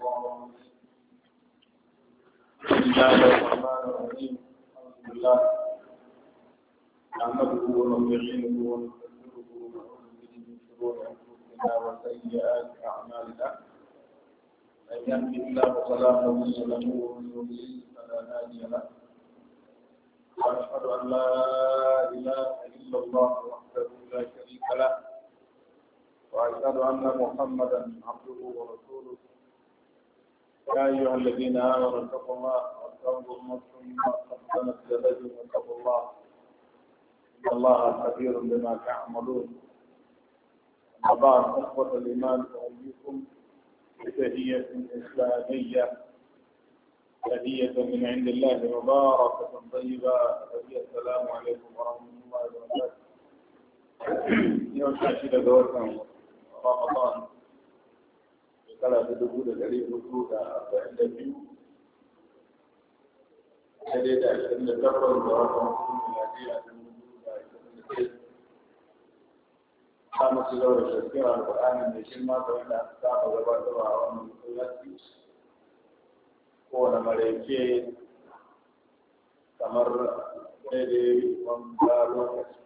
بسم الله الرحمن الرحيم الحمد لله نحمده ونستعينه ونستغفره ونعوذ به من شرور انفسنا وسيئات اعمالنا من يهده الله فلا ومن يضلل فلا هادي له واشهد ان لا اله الا الله وحده لا شريك له واشهد ان محمدا عبده ورسوله يا أيها الذين آمنوا اتقوا الله وانظروا نفس ما قدمت لغد واتقوا الله إن الله خبير بما تعملون أبار إخوة الإيمان أحييكم بتهية إسلامية هدية من عند الله مباركة طيبة هدية السلام عليكم ورحمة الله وبركاته يوم شاشة دوركم رمضان shekara ta dubu da ɗari hudu da arba'in da biyu daidai da ashirin da takwas da watan hudu miladiya ta dubu da ashirin da ɗaya ta masu zaura shirkin alƙur'ani mai shirma ta wanda ta saba gabatarwa a wannan masallaci kowane maraice kamar daidai wanda lokaci.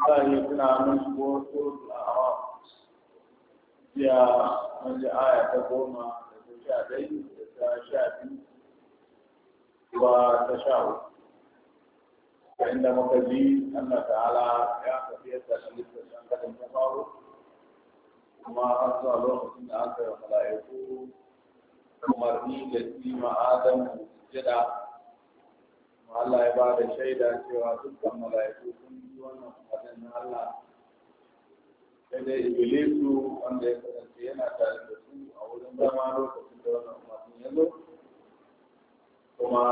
Allah ya tuna mun ko a hawa. jiya wanda aya ta goma da ta sha ɗai da ta sha biyu wa ta sha uku inda muka ji Allah ta'ala ya tafi yadda shi ta shan kadin ta faru kuma har zuwa lokacin da aka yi mala'iku umarni da tsima adamu jida Allah ya ba da shaida cewa dukkan mala'iku sun yi wannan umarnin na Allah sai dai ibilisu wanda ya kasance yana tare da su a wurin zama lokacin da wannan umarnin ya zo kuma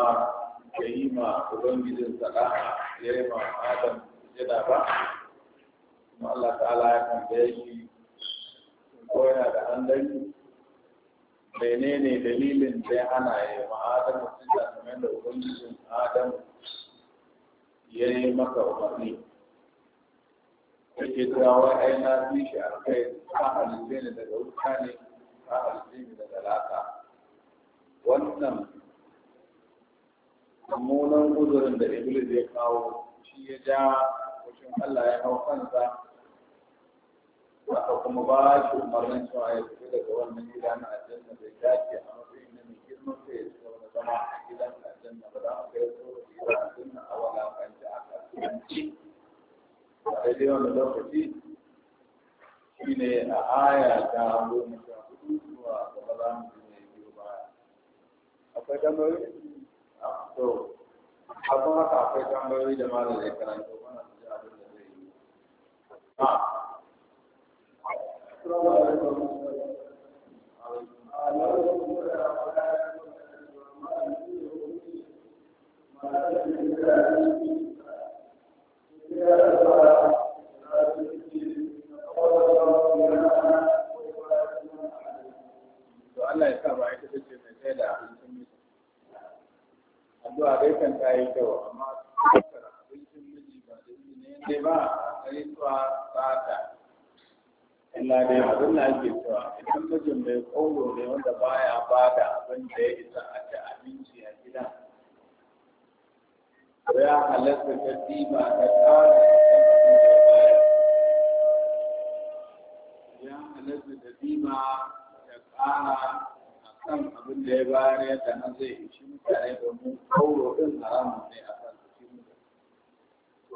ya yi ma ubangijin sada'a ya yi ma adam sujada ba kuma Allah ta'ala ya kan tambaye shi ko yana da hanzari menene dalilin da ya hana ya ma adam sujada kamar da ubangijin adam ya yi maka umarni yake cewa ai na bi shi a kai a halitta ne daga wuta ne a halitta ne daga wannan mummunan uzurin da iblis ya kawo shi ya ja mutum allah ya hau kansa aka kuma ba shi umarnin cewa ya fita daga wannan gida na aljanna bai dace a matsayin na mai girman sai ya ci wani zama a gidan aljanna ba za a kai so da gida aljanna a wala kan aka tsanci a daidai wani lokaci shi ne a aya ta goma sha hudu zuwa gaba za mu ji mai biyu baya akwai tambayoyi a haka akwai tambayoyi da ma da zai karanta mana su ji abin da zai yi a Assalamu alaikum. Allah ya sa ba ita take mai sai da abincin miji addu'a dai kan ta yi kyau amma tsakar abincin miji ba da yi ne ne ba a yi tsuwa tsata Ina dai abin da ake cewa idan mijin mai kowo ne wanda baya ba da abin da ya isa a ci abinci a gida ya halatta ta ɗiba ta amana a kan abin da ya bayar da nan zai ishi mutane domin kauro ɗin haramun ne a kan su cikin da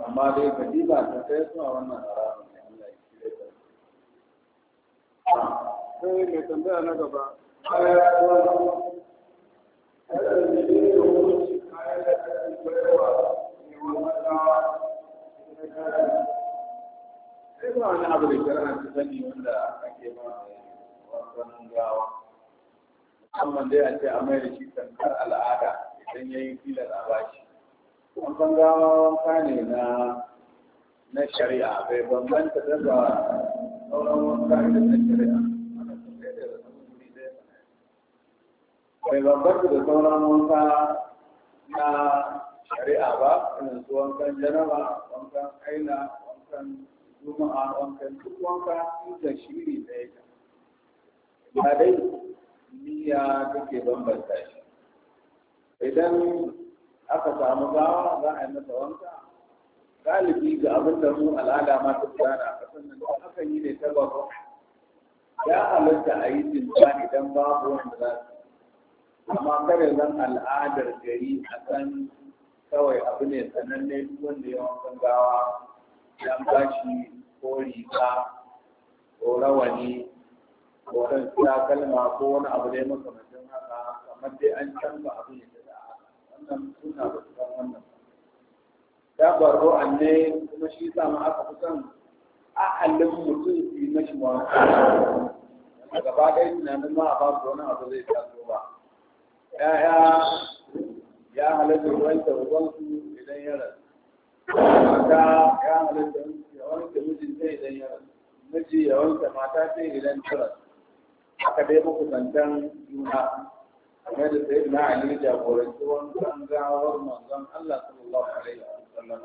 amma dai ka diba ta kai suna wannan haramun ne Allah ya kire ta sai mai tambaya na gaba Sai ba wani abu da kira na sani wanda ake ba makonkonin gawa musamman dai a ce a mai da shi tamkar al'ada idan ya yi filar a bashi wankan gawa wanka ne na na shari'a bai bambanta daga sauran wanka da na shari'a bai bambanta da sauran wanka na shari'a ba irin su wankan janaba wankan aila wankan juma'a wankan duk wanka inda shiri ɗaya Ya dai niyya take bambanta shi idan aka samu gawa za a yi masa wanka galibi ga abin da mu al'ada ma ta gudana a kasan nan aka yi ne ta babu ya halatta a yi jinta idan babu wanda za su amma kare zan al'adar gari a kan kawai abu ne sananne wanda yawan gangawa ya bashi ko riga ko rawani wadan ya kalma ko wani abu ne makamancin haka kamar dai an canza abin ya da wannan suna ba su wannan ya baro an ne kuma shi sa ma aka fi son ahalin mutum su yi mashi wa gaba ɗaya tunanin ma a babu wani abu zai taso ba ya'ya ya halatta ruwan da ruwansu idan ya rasu mata ya halatta ya wanke mijin idan ya rasu miji ya wanke mata sai idan ta rasu aka dai muku zancen juna kamar da sai na ali jagoranci wani an gawar manzon Allah sallallahu alaihi wasallam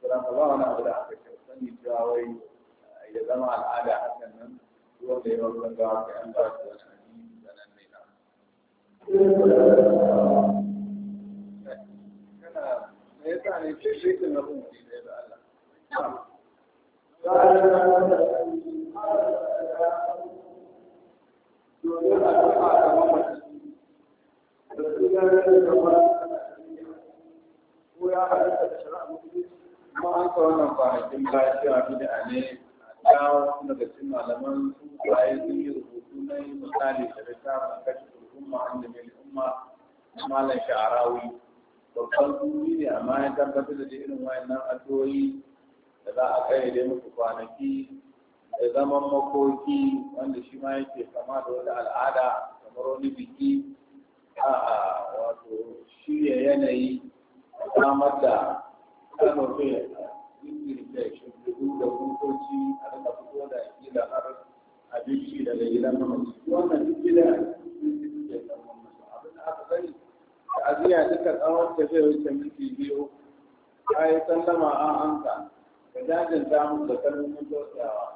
kuma ba wani abu da aka ce sani cewa wai ya zama al'ada hakan nan wanda ya wani gawa ka yan ba su wani hali da nan ne na kana me yasa ne ke shi ke na kuma ne da Allah domin addu'a ga mamaci da sunan da ba ko ya halitta da kuma an ne a dawo daga cikin malaman sun yi rubutu na yi da an malam babban ne amma ya tabbatar da irin da za a kai dai muku kwanaki da zaman makoki wanda shi ma yake kama da wani al'ada kamar wani biki a wato shirya yanayi samar da kano fiye da shimfiɗu da hukoki a rika fito da gida har abinci daga gidan mamaci wannan duk gida abin da aka sani ta'aziyya duka tsawon tafiyar wuce miki biyu ta yi sallama a anka da jajin ta musu da kalmomin tausayawa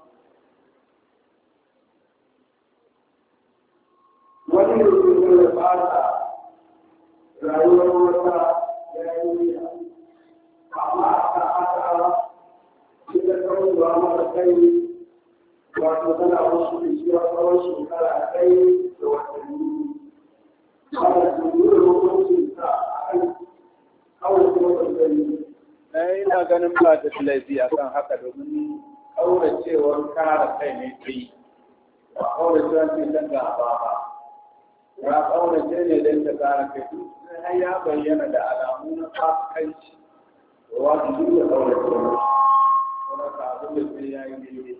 ganin ba da laifi a kan haka domin cewar kara kai ne ta yi ba kauracewar ce don ga ababa ya ce ne don ta kara kai sai ya bayyana da alamu na fasikanci wani duk da kauracewar kuma ka abin da sai ya yi daidai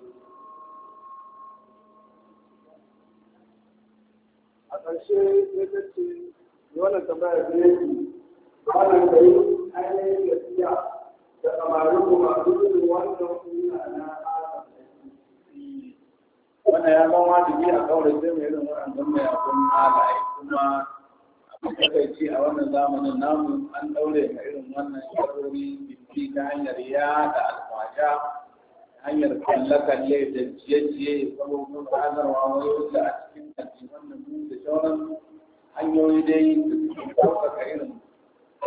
a ƙarshe ya ce wannan tambaya ne ba na kai ainihin gaskiya da ya zama wajibi a kawai mai irin waɗannan kuma a wannan zamanin namu an daure ga irin wannan sharori biki ta hanyar ya da hanyar da ciye-ciye a cikin wannan da hanyoyi dai irin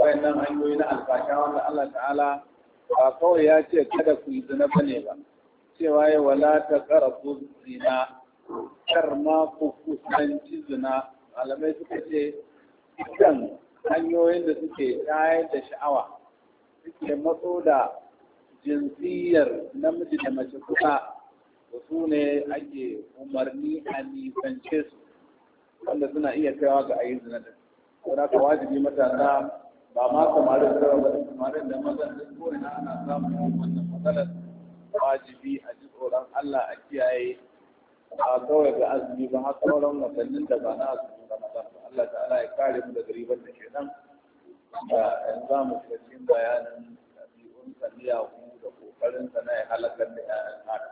wayannan hanyoyi na alfasha wanda Allah ta'ala ba kawai ya ce kada ku yi zina ba ne ba cewa ya wala ta karabu zina kar ma ku kusanci zina malamai suka ce kan hanyoyin da suke tayar da sha'awa suke matso da jinsiyar namiji da mace kusa da su ne ake umarni a nisance su wanda suna iya kaiwa ga ayi zina da. Saboda ka wajibi matasa ba ma samarin kawai ba da mazan duk ko ana samun wannan matsalar wajibi a ji tsoron Allah a kiyaye ba kawai ga azumi ba har sauran watannin da ba na azumi ba na ba Allah ta'ala ya kare mu daga ribar da ke nan da yan za mu bayanin ɗabi'un sanniya ku da ƙoƙarin sa na ya halakar da ƴaƴan haka.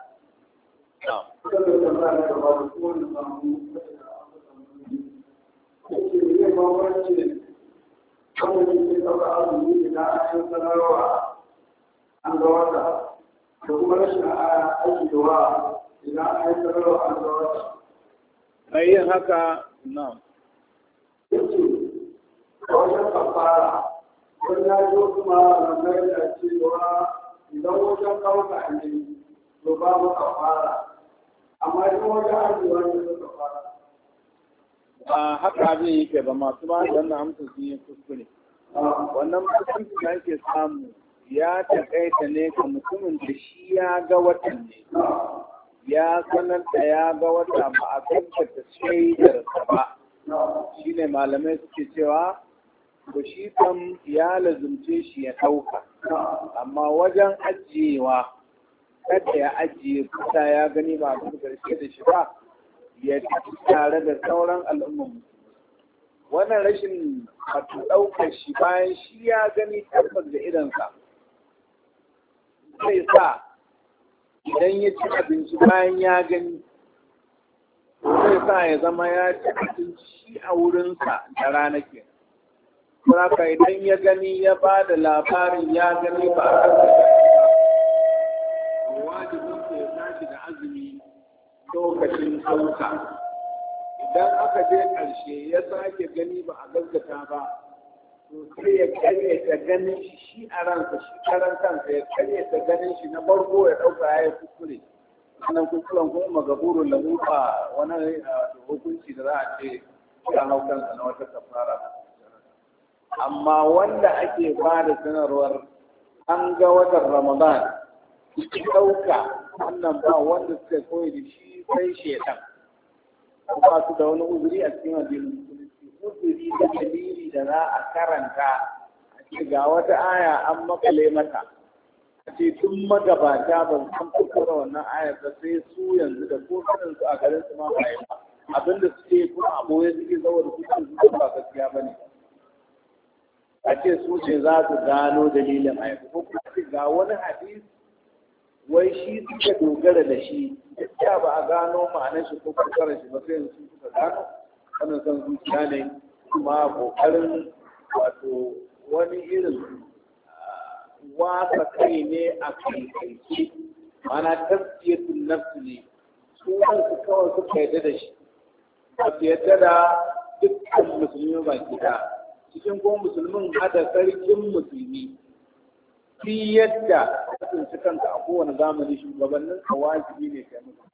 Na'am. wanda yake ɗauka azumi idan an yi sanarwa an ga wata da kuma rashin aiki da wa idan an yi sanarwa an ga wata. Mai yin haka na. Yake, a wajen kafara, wani ya zo kuma ranar da cewa idan wajen ɗauka ne, to babu kafara. Amma idan wajen ajiyewa ne, to kafara. haka abin ke ba masu ba da na amsa sun yi kuskure wannan mutuncin da ake samu ya taƙaita ne ga mutumin da shi ya ga watan ne ya sanar da ya ga wata ba a tabbata shaidarsa ba shi ne malamai suke cewa ba shi kam ya lazumce shi ya ɗauka amma wajen ajiyewa kada ya ajiye kusa ya gani ba a da shi ba ya tare da sauran al'umman wannan rashin wato ɗaukar shi bayan shi ya gani tabbas da idansa zai sa idan ya ci abinci bayan ya gani zai sa ya zama ya ci abinci shi a wurinsa da rana ke idan ya gani ya ba da labarin ya gani ba a lokacin sauka idan aka je ƙarshe ya sake gani ba a gaskata ba to sai ya karye ta ganin shi shi a ransa shi karan kansa ya karye ta ganin shi na farko ya ɗauka ya yi kuskure wannan kuskuren kuma magaburun lamuka wani hukunci da za a ce ya hau kansa na wata kafara amma wanda ake ba da sanarwar an ga watan ramadan ki ɗauka wannan ba wanda suka koyi da shi sai shaitan ba su da wani uzuri a cikin addinin musulunci uzuri da dalili da za a karanta a ce ga wata aya an makale mata a ce tun magabata ba san kuskura wannan aya ba sai su yanzu da ko su a garin su ma ba abinda suke kuma a boye suke saboda kuskure su ba gaskiya ba ne a ce su ce za su gano dalilin ayar ko kuma ga wani hadisi wai shi suke dogara da shi gaskiya ba a gano ma'anar shi ko karkarar shi ba sai yanzu suka gano wannan san zuciya ne kuma kokarin wato wani irin ah, wasa kai ne a kaikaice mana tafsiyatun nafsi ne su kansu kawai suka yadda da shi ba su yadda da dukkan musulmi ba gida cikin kuma musulmin hada sarkin musulmi shi yadda ka tsinci kanka a kowane zamani shugabannin ka wajibi ne ka musu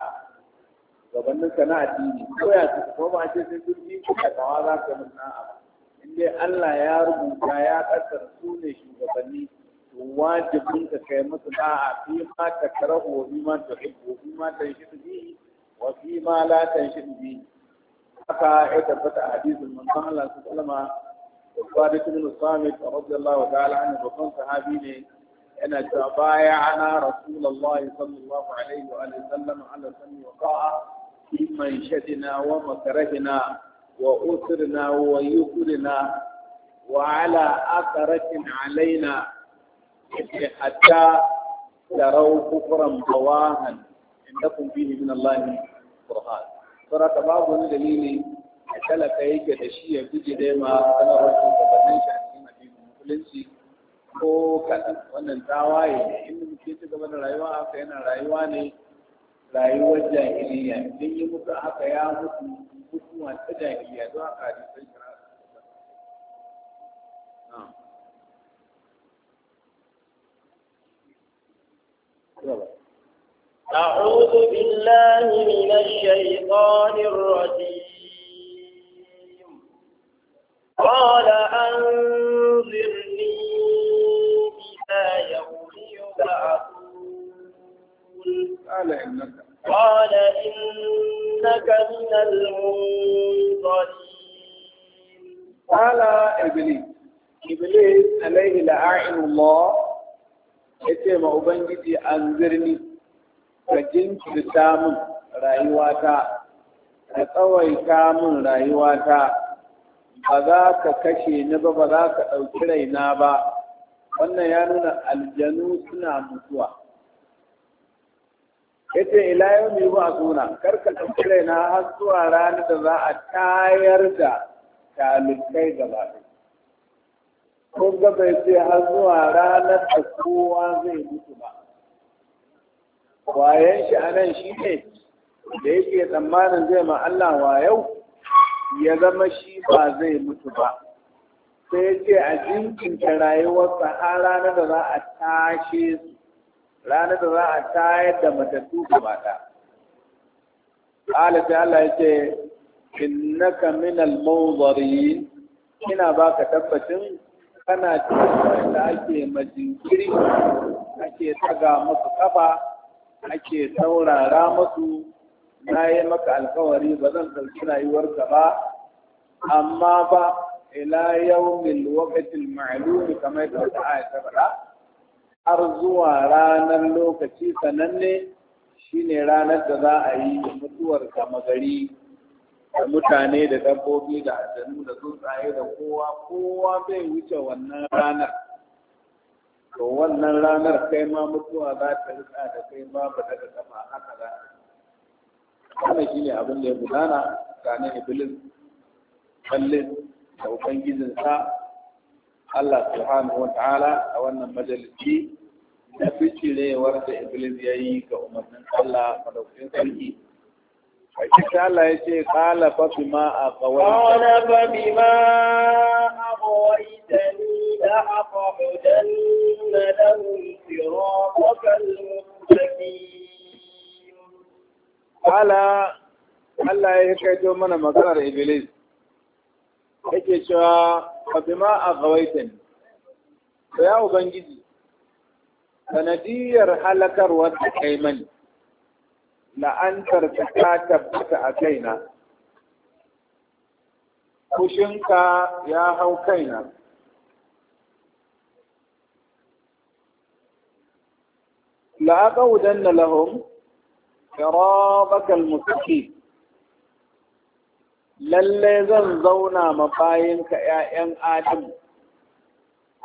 gabanin ka na addini ko ya su ko ba ce sai sun ko ka kawa za ka yi a'a in dai Allah ya rubuta ya kasar su ne shugabanni to wajibin ka kai musu a fi ma ta karahu wa fi ma ta hibbu fi ma ta shidu wa fi ma la ta shidu bi haka ya tabbata a hadisin manzon Allah sallallahu alaihi wasallam da Sadiq ibn Samit radiyallahu ta'ala anhu babban sahabi ne yana cewa baya ana rasulullahi sallallahu alaihi wa sallam ala sami wa qa'a fi manshadina wa makarahina wa usrina wa yukrina wa ala akaratin alaina hatta tarau kufran bawahan indakum fihi min Allah burhan sura ta babu wani dalili da talaka yake da shi ya dai ma a ko kaɗan wannan tawaye ne inda muke ci gaba da rayuwa haka yana rayuwa ne rayuwar jahiliya idan yi mutu haka ya mutu hukuma ta jahiliya don haka hadisan shara أعوذ بالله من الشيطان الرجيم قال أنظرني قال إنك من المنظرين قال إبليس إبليس عليه لعائن الله yace ma Ubangiji an zirni ka jinkirta min rayuwata ka tsawaita min rayuwata ba ka kashe ni ba ka ɗauki raina ba wannan ya nuna aljanu suna mutuwa yace ila yau ne ba suna karka tsare na har zuwa ranar da za a tayar da talibai gaba kun ga ya ce har zuwa ranar da kowa zai mutu ba wayan shi a nan shi ne da yake tsammanin zai ma'alla Allah yau, ya zama shi ba zai mutu ba sai ya ce a jinkinta rayuwarsa har ranar da za a tashe su ranar da za a tayar da matattu gaba ta ƙala Allah ya ce innaka minal mawzarin ina baka tabbacin kana cikin da ake majinkiri ake taga musu kafa ake saurara musu na yi maka alkawari ba zan ɗauki rayuwarka ba amma ba ila yawmil waqtil ma'lum kamar yadda ta faɗa har zuwa ranar lokaci sananne shine ranar da za a yi mutuwar gama gari da mutane da dabbobi da aljanu da tsuntsaye da kowa kowa bai wuce wannan ranar to wannan ranar kai ma mutuwa za ta rika da kai babu daga kafa haka za ta wannan shine abin da ya gudana tsakanin iblis kallin da ubangijinsa Allah subhanahu wata'ala a wannan majalisi na ficirewar da Iblis ya yi ga umarnin Allah madaukakin sarki. Hakika Allah ya ce, Kala fa fi ma a kawai. Kala fa fi ma a kawai da ni da a kawai na ɗan tsiro kwakwal mutaki. Kala Allah ya kai to mana maganar Iblis. yake cewa fa bima aghawaitan to ya ubangiji sanadiyar halakarwar da kai mani la'antar ta tabbata a kaina kushinka ya hau kaina la'aqaudanna lahum صراطك المستقيم lalle zan zauna ma ka ‘ya'yan Adam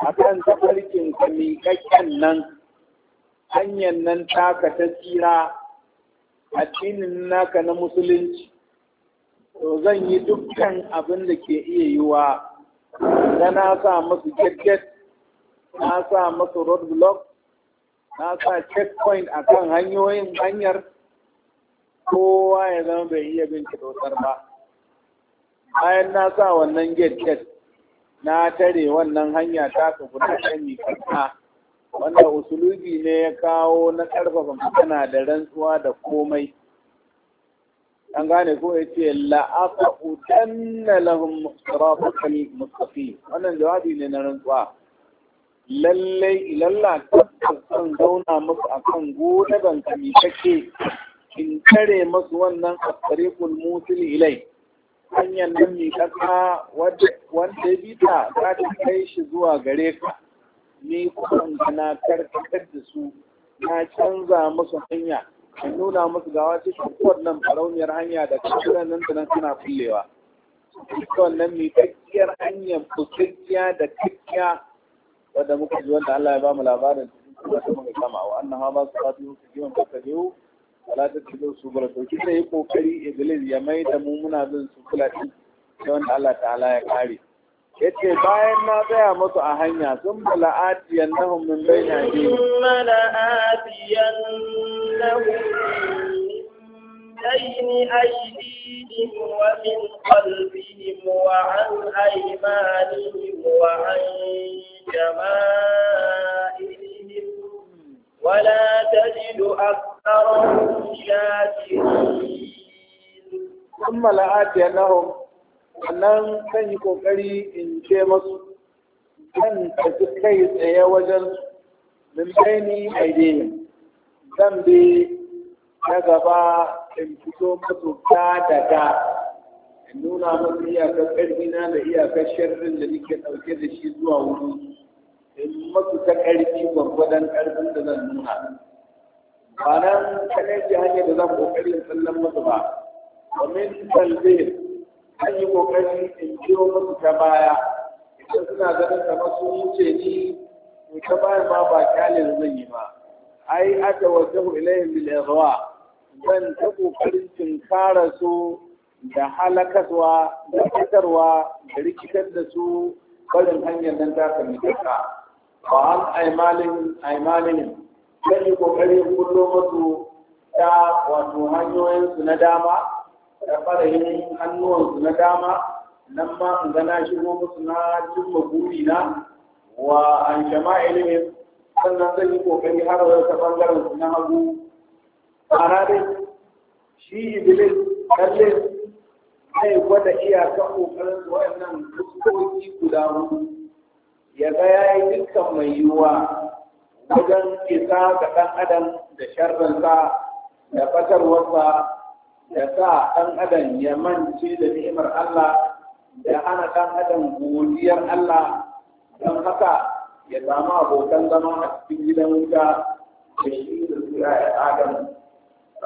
a kan tafarkin ka miƙaƙƙen nan, hanyar nan taka ta tsira addinin naka na musulunci, to zan yi dukkan abin da ke iya yiwa, wa na sa masu gadget, na sa masu roadblock, na sa checkpoint a kan hanyoyin hanyar, kowa ya zama bai iya bin ba. bayan na sa wannan gate na tare wannan hanya ta ka guda ta miƙaƙa wanda usulubi ne ya kawo na ƙarfafa magana da rantsuwa da komai an gane ko ya ce la'afa udanna lahum siratal mustaqim wannan jawabi ne na rantsuwa lallai ilalla tabbas zauna musu akan godaban kamikake in tare masu wannan asariqul musil ilai hanyar nan mai kasa wanda ya bita za ta kai shi zuwa gare ka ni kuma gana karkatar da su na canza musu hanya a nuna musu ga wace shakuwar nan farauniyar hanya da kasuwan nan da nan suna kullewa shakuwar nan mai kakkiyar hanyar bukakkiya da kakkiya wadda muka ji wanda Allah ya ba mu labarin da kuma kama wa annaha ba su fatu su kiwon kakkajewu wala ta cikin su bala to kika yi kokari iblis ya mai da mu muna bin su kula din don Allah ta'ala ya kare yace bayan na tsaya musu a hanya sun bala atiyan nahum min baina ji mala atiyan nahum بين أيديهم ومن قلبهم وعن أيمانهم وعن شمائلهم ولا تجد أكثرهم شاكرين ثم لآتينهم sannan kan yi kokari in ce masu kan tafi kai tsaye wajen mimbaini aideyin zan bi na gaba in fito masu ta daga in nuna masu iyakar ƙarfina da iyakar sharrin da nake ɗauke da shi zuwa wuri in masu ta ƙarfi gwargwadon ƙarfin da zan nuna ba nan kaɗai ji hanyar da zan ƙoƙarin tsallan masu ba domin talbe an yi ƙoƙarin in biyo ta baya idan suna ganin da masu wuce ni to ta baya ma ba kyalin zan yi ba ai aka wajahu ilayhim bil zan ta ƙoƙarin tinkara su da halakaswa da fitarwa da rikitar da su barin hanyar nan ta kamar ba an aimalin aimalin yi kokarin kullo masu ta wato hanyoyinsu na dama da fara yin hannuwansu na dama nan ma in gana shigo musu na cimma burina wa an shama'ilihim sannan zan yi kokari har wa ta bangaren su na hagu ana shi iblis kalle zai gwada iyakar kokarin waɗannan fuskoki guda hudu ya ga ya yi dukkan mai yiwuwa wajen isa ga ɗan adam da sharrinsa da fatarwarsa da sa ɗan adam ya mance da ni'imar Allah da hana ɗan adam godiyar Allah don haka ya samu abokan zama a cikin gidan wuta da shi da su ya adam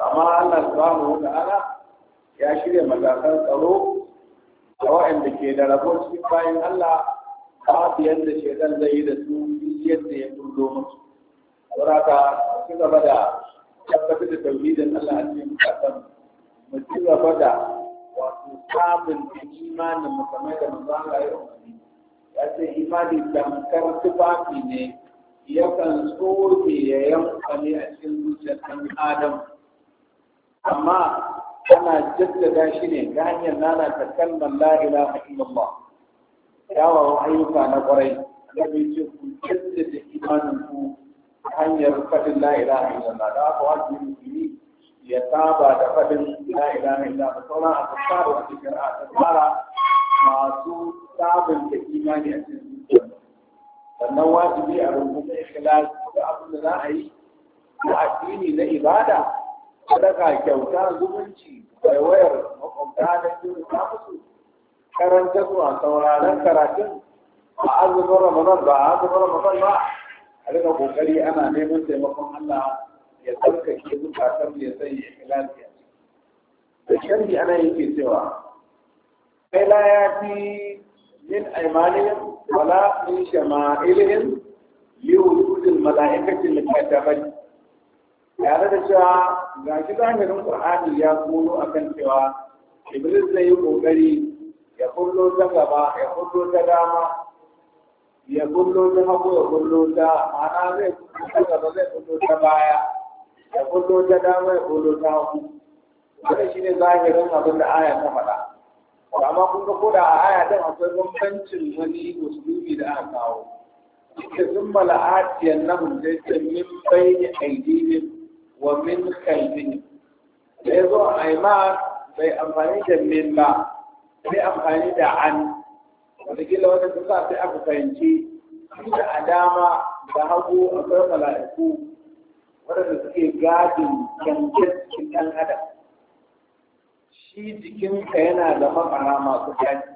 amma Allah subhanahu wa ana ya shirya matakan tsaro a waɗanda ke da rabo cikin bayan Allah babu yadda shaitan zai yi da su yadda ya turdo musu saboda su gaba da tabbatar da tauhidin Allah a cikin kasan mu ci gaba da wato samun imanin mu kamar da mu Allah ya umarni ya ce imani tamkar tufafi ne yakan tsoke ya yanka ne a cikin zuciyar ɗan adam amma ana jaddada shi ne ta hanyar ta kalmar la ilaha illallah kyawawan ayyuka na kwarai annabi ce ku da imanin ku hanyar faɗin la ilaha illallah da aka wajibi musulmi ya saba da faɗin la ilaha illallah sauran a tsara wata shari'a ta tsara masu sabunta imani a cikin zuciya sannan wajibi a rubuta ikhlas da abin da za a yi na addini na ibada sadaka kyauta zumunci wayar makwabta da jin musu karantarwa sauraron karatun a azumin ramadan ba a azumin ramadan ba a rika kokari ana neman taimakon allah ya tsarkake zukatan ya sanya ikhlasi da sharri ana yake cewa kai la ya fi min aimanihim wala min shama'ilihim li wujudil mala'ikati mukaddabat tare da cewa ga shi zahirin qur'ani ya kono akan cewa iblis zai yi kokari ya kullo ta gaba ya kullo ta dama ya kullo ta hagu ya kullo ta ma'ana zai kullo ta gaba zai kullo ta baya ya kullo ta dama ya kullo ta hagu wanda shi ne zahirin abin da aya ta faɗa amma kun ga koda a aya din akwai bambancin wani musulmi da aka kawo ita sun mala'atiyan nan da ce min bayni aidihim wa min khalfihim da yazo aiman bai amfani da min ba sai amfani da an gila wata ta sai aka fahimci da a dama da hagu a akwai mala'iku waɗanda suke gadin yankin cikin ɗan adam shi jikinka yana da makara masu daji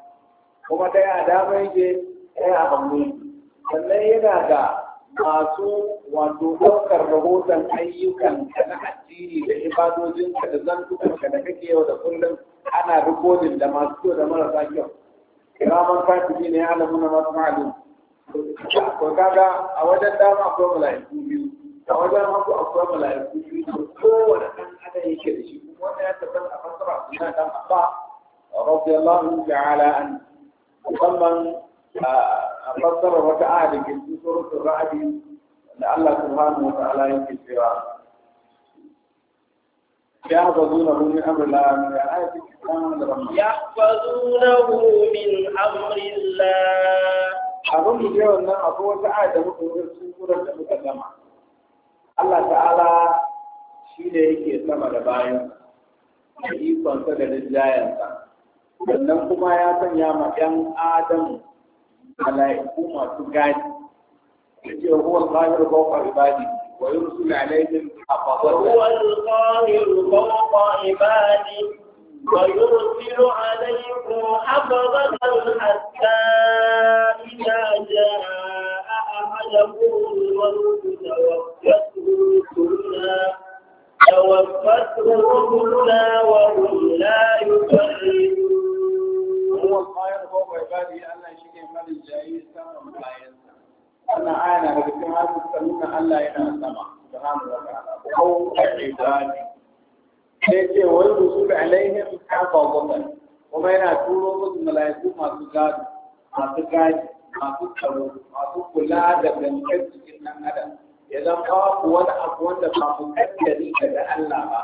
kuma ɗaya a dama yake ɗaya a hannu sannan yana da masu wato ɗaukar rahoton ayyukan da na addini da ibadojin ka da zantukan ka da kake yau da kullum ana rikodin da masu kyau da marasa kyau kiraman kafiri ne ya alamu na masu ma'alin ko kaga a wajen dama akwai mala'iku biyu a wajen hagu akwai mala'iku biyu da kowane ɗan adam yake da shi kuma wannan ya tafi a fasara suna dan abba Allahu ta'ala an musamman a fassara wata aya da ke cikin suratul ra'd da Allah subhanahu wa ta'ala yake cewa Ya na يحفظونه من أمر الله من آية يحفظونه من أمر الله abin da yau nan akwai wata aya da muka wurin sun kurar da muka gama Allah ta'ala shi ne yake sama da bayan da ikonsa da rinjayensa sannan kuma ya sanya ma 'yan Adamu. على يقوم الذي هو القاهر فوق عباده ويرسل عليهم حفظه هو القاهر فوق عباده ويرسل عليكم حفظه حتى اذا جاء احدكم الموت توفته كلنا توفته كلنا وهم لا يفرقون هو القاهر فوق عباده الا halin jayi samun bayan wannan aya na daga cikin hasu ta nuna Allah yana sama subhanahu wa ta'ala ko ibadi sai ce wal rusul alaihim hafazatan kuma yana turo musu mala'iku masu gado masu gadi masu tsaro masu kula da gangan cikin nan adam ya zama babu wani abu wanda ba mu kaddari daga Allah ba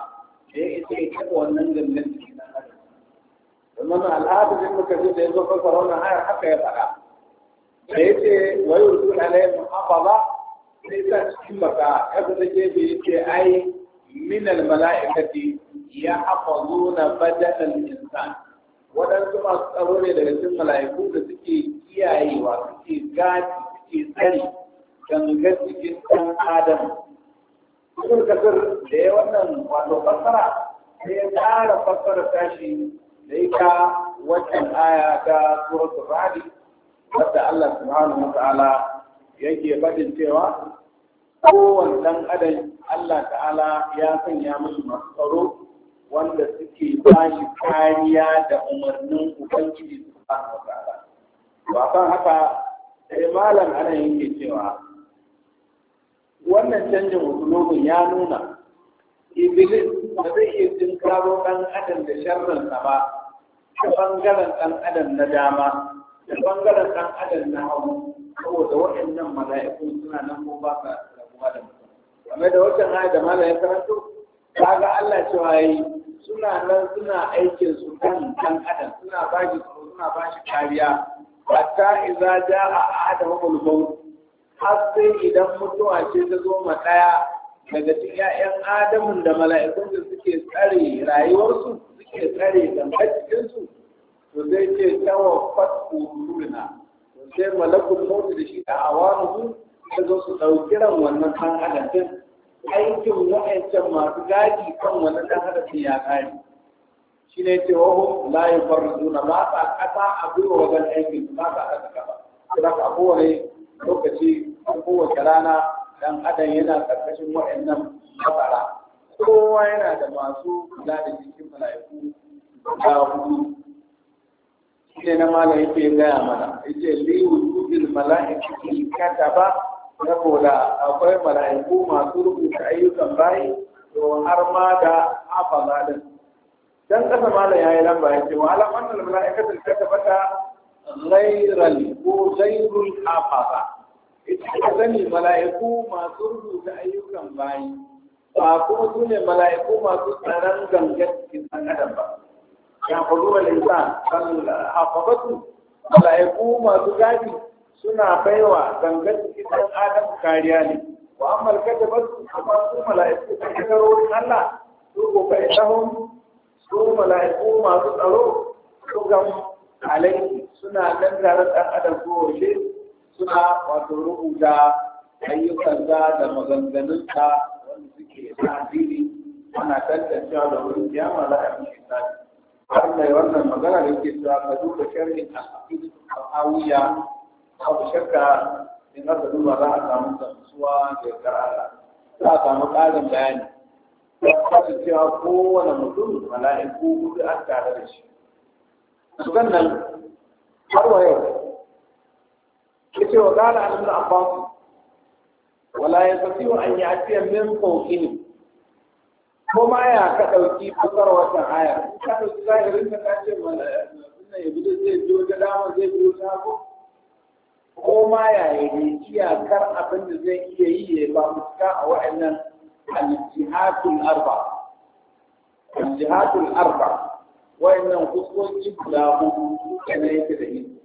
da ya isa ya taɓa wannan gangan cikin nan adam domin al'adun da muka ji da ya zo fasara wannan aya haka ya faɗa da ya ce wai wuzu na lai muhafaza sai sa cikin baka ya da ke biyu ce ai minal mala'ikati ya hafazu na badanan insan waɗansu masu tsaro ne daga cikin mala'iku da suke kiyayewa suke gadi suke tsari gangan cikin ɗan adam cikin kasar da ya wannan wato fassara sai ya ƙara fassara tashi da ita waccan aya ta suratul radi wadda Allah subhanahu wata'ala yake faɗin cewa kowane ɗan adam Allah ta'ala ya sanya musu masu tsaro wanda suke ba shi kariya da umarnin ubangiji subhanahu wata'ala ba kan haka sai malam ana yake cewa wannan canjin hukumomin ya nuna iblis ba zai iya jin karo ɗan adam da sharrinsa ba ta ɓangaren ɗan adam na dama da bangaren ɗan adam na hawa, saboda waɗannan mala'ikun suna nan ko ba ka rabuwa da mutum game da wata na da mala ya Ka ga Allah cewa yi suna nan suna aikin su kan ɗan adam suna ba shi suna ba shi kariya hatta ja a ahaduhum al-maut har sai idan mutuwa ce ta zo ma ɗaya daga cikin 'ya'yan adamun da mala'ikun da suke tsare rayuwarsu suke tsare gangar cikinsu to zai ce tawa fatu runa sai malakul mautu da shi da su, ta zo su dauki ran wannan kan adadin aikin wa'ancan masu gadi kan wannan dan adadin ya kare shi ne ce wahu la yufarrizuna ba ta kasa a gwiwa wajen aikin ba ta kasa kasa kuma a kowane lokaci kowace rana dan adam yana karkashin wa'annan matsara kowa yana da masu kula da jikin mala'iku da hudu shi na malam yake gaya mana yace li wujudil malaikati kataba saboda akwai mala'iku masu rubuta ayyukan bayi to har ma da hafaza din dan kasa malam yayi lamba yace wa alam annal malaikatu katabata ghayral ko ghayrul hafaza ita sani mala'iku masu rubuta ayyukan bayi ba kuma su ne mala'iku masu tsaron gangan cikin ɗan adam ba ya faru da insa hafafatu mala'iku masu gadi suna baiwa gangar jikin ɗan adam kariya ne wa amma kada ba su amma su mala'iku sun yi karorin Allah su ko kai tahon su mala'iku masu tsaro su gam alaiki suna nan tare da adam ko suna wato rubuta ayyukan da da maganganun ta wanda suke tasiri ana tattacewa da wurin kiyama za a yi misali Allah ya wannan magana da yake cewa ka duba sharhin a aqid al-awiya babu shakka in aka duba za a samu tsamsuwa da karara za a samu ƙarin bayani ta cewa kowane mutum mala'iku hudu an tare da shi su nan har wa yau ya ce wa ƙara an abbas wala ya tafi wa an yi afiyar min fauƙini ko ma ya ka ɗauki fasar wata aya ka ɗauki zahirin da ka ce mana ya eh, bude zai biyo da dama zai biyo ta ko ko ma ya yi iyakar abin da zai iya yi ya ba mutuka a wa'annan al-jihatul arba al-jihatul arba wa'annan kuskoki guda hudu kana yake da ni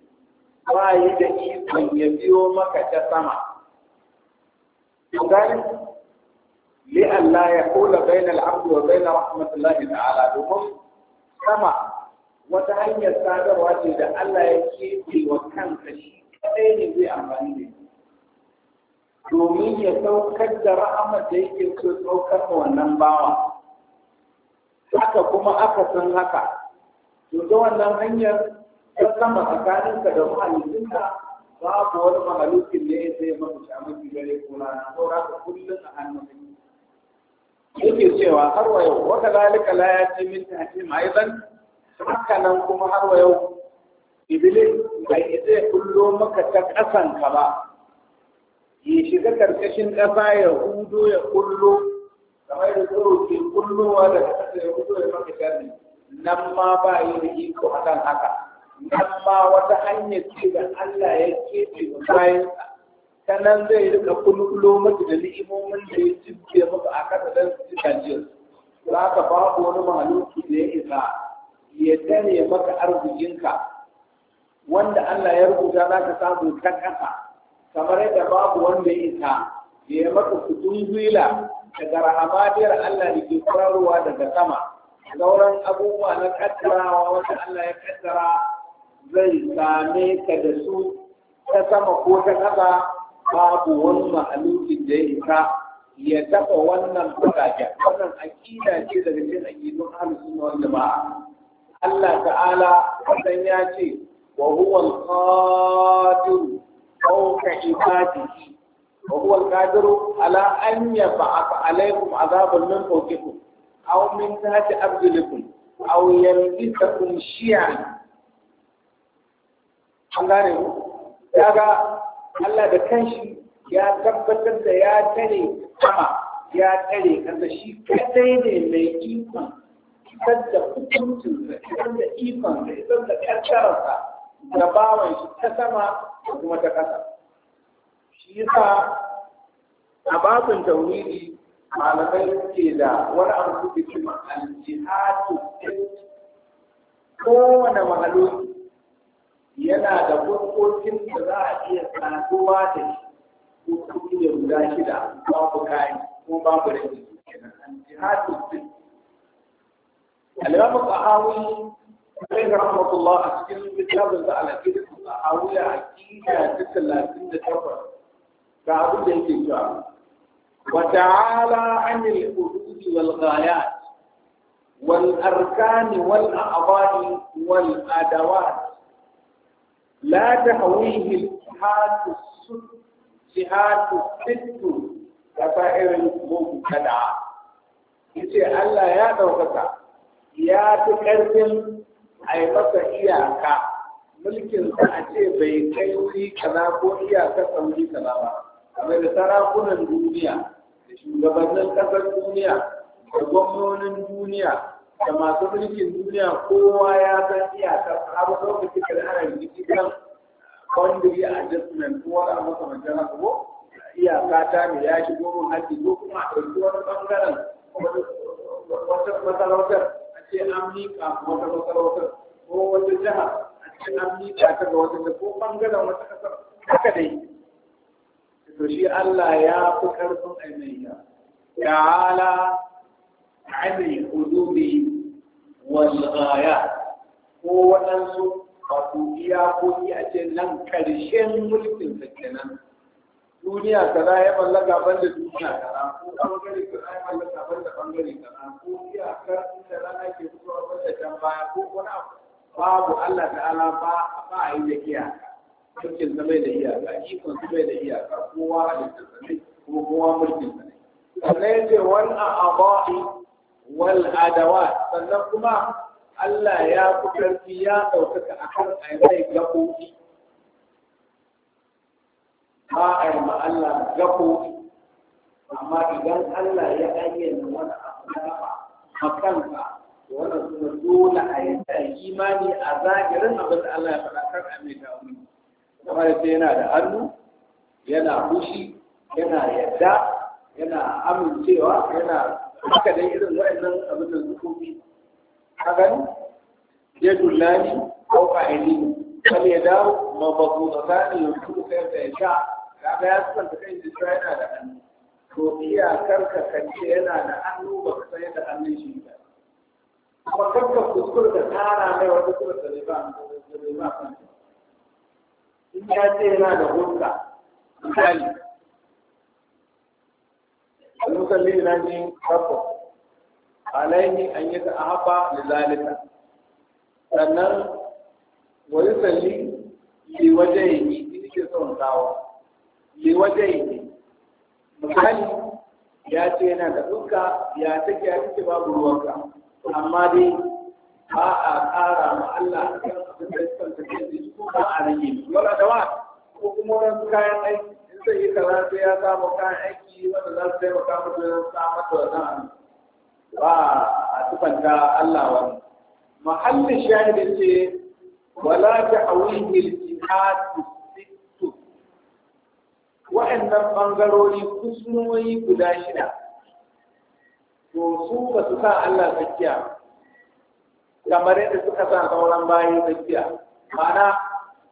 ba yi da ikon ya biyo maka ta sama. Gani? لئلا يقول بين العبد وبين رحمة الله تعالى domin sama wata hanyar sadarwa ce da Allah ya keɓe wa shi kadai ne zai amfani da domin ya saukar da rahamar da yake so saukar da wannan bawa haka kuma aka san haka to wannan hanyar ta sama tsakaninka da mahalicinka babu wani mahalukin ne zai mafi shamaki gare ko rana ko raka kullum a hannun yake cewa har wa yau wata dalika la ya ce min tahim aidan haka nan kuma har wa yau bai zai kullo maka ta kasan ka ba ya shiga karkashin ƙasa ya hudo ya kullo kamar da tsoro ke kullowa da kasa ya hudo ya maka sharri nan ma ba yi da iko haka nan ma wata hanya ce da Allah ya keɓe bayan kanan zai zai da kulkulo mata da ni'imomin da ya jibge maka a kasa don su za ka ba wani mahaluki da ya isa ya tare maka arzikinka wanda Allah ya rubuta za ka samu ta kasa kamar yadda babu wanda ya isa ya yi maka kudin gwila daga rahamadiyar Allah da ke kwararowa daga sama sauran abubuwa na kaddarawa wanda Allah ya kaddara zai same ka da su ta sama ko ta kasa babu wani mahalukin da ya isa ya taɓa wannan fagajen wannan aƙida ce daga cikin aƙidun halittun sunna wal jama'a Allah ta'ala wannan ya ce wa huwa al-qadir fawqa ibadihi wa huwa al-qadir ala an yab'ath alaykum azaban min fawqikum aw min tahti arjulikum aw yamdisakum shi'an an gane ku kaga Allah da kanshi ya tabbatar da ya tare sama ya tare kansa shi kadai ne mai ikon fitar da da fitar da ikon da fitar da ƙaddararsa da bawan shi ta sama da kuma ta ƙasa shi yasa a babin tauridi malamai suke da wani abu suke cewa al kowane yana da fuskokin da za a iya saduwa da shi ko kuma da guda shida babu kayan ko babu rabi kenan an jihadu din al-imam qahawi alayhi rahmatullah a cikin littafin da al-aqida qahawi aqida ta 38 ga abin da yake cewa wa ta'ala anil hudud wal ghayat wal arkan wal a'dad wal adawat لا تهويه الجهات الجهات الست كفائر المبتدعة yace Allah ya ɗaukaka ya fi ƙarfin a yi iyaka mulkinsa a ce bai kai wuri kaza ko iyaka sauri kaza ba kamar da sarakunan duniya da shugabannin ƙasar duniya da gwamnonin duniya da masu mulkin duniya kowa ya san iyakar har lokacin da ana rikici kan boundary adjustment ko wani abu makamancin haka ko iyaka ta ne ya shigo mun haƙƙi ko kuma a ɗauki wani ɓangaren wata masarautar a ce an miƙa wata masarautar ko wata jihar a ce an miƙa ta ga wata ko ɓangaren wata ƙasar haka dai to shi Allah ya fi karfin ainihin ya ta'ala عن الحدود والغايات ko waɗansu wato iyakoki a ce nan ƙarshen mulkin kenan duniya kaza ya mallaka ban da duniya ka kaza ko ɓangare kaza ya mallaka ban da ɓangare kaza ko iyakar da rana ke fitowa ban da can baya ko wani babu Allah ta'ala ba ba a yi da iyaka mulkin sa mai da iyaka ikon sa mai da iyaka kowa da sa ne kuma kowa mulkin sa ne sannan ya ce wani a aba'i wal adawa sannan kuma Allah ya fi ƙarfi ya ɗaukaka a kan ayyukai gaɓoɓi ba a yi ma Allah gaɓoɓi amma idan Allah ya ayyana wani abu na gaba makanka wannan kuma dole a yi ta imani a zahirin abin da Allah ya faɗa kan amina wani kamar yadda yana da hannu yana fushi yana yadda yana amincewa yana haka dai irin wa'annan abin da zukoki a gani ya dula ni, ko fa'ili kal ya dawo ma ba ku ne yanzu ku kai da sha kaga ya san da kai da yana da hannu to iya ka kace yana da hannu ba ka sai da hannun shi ba kuma kanka kuskure da tara mai wata kuskure da ba da ba in ya ce yana da hulka misali المصلي لاني حقه عليه أن يتأهب لذلك sannan wani salli liwaje ne ita son tawa liwaje ne misali ya ce yana da duka ya take ya take babu ruwanka amma dai ba a ƙara ma Allah a abin da san a rage kayan aiki zai yi kaza ya samu kayan aiki wanda za su taimaka musu wajen samar da wannan ba a tufanta Allah wani mahallin shahidin ce wala ta awin ilkihatu sittu wa'annan bangarori kusurori guda shida to su ba su sa Allah tsakiya kamar yadda suka sa sauran bayi tsakiya ma'ana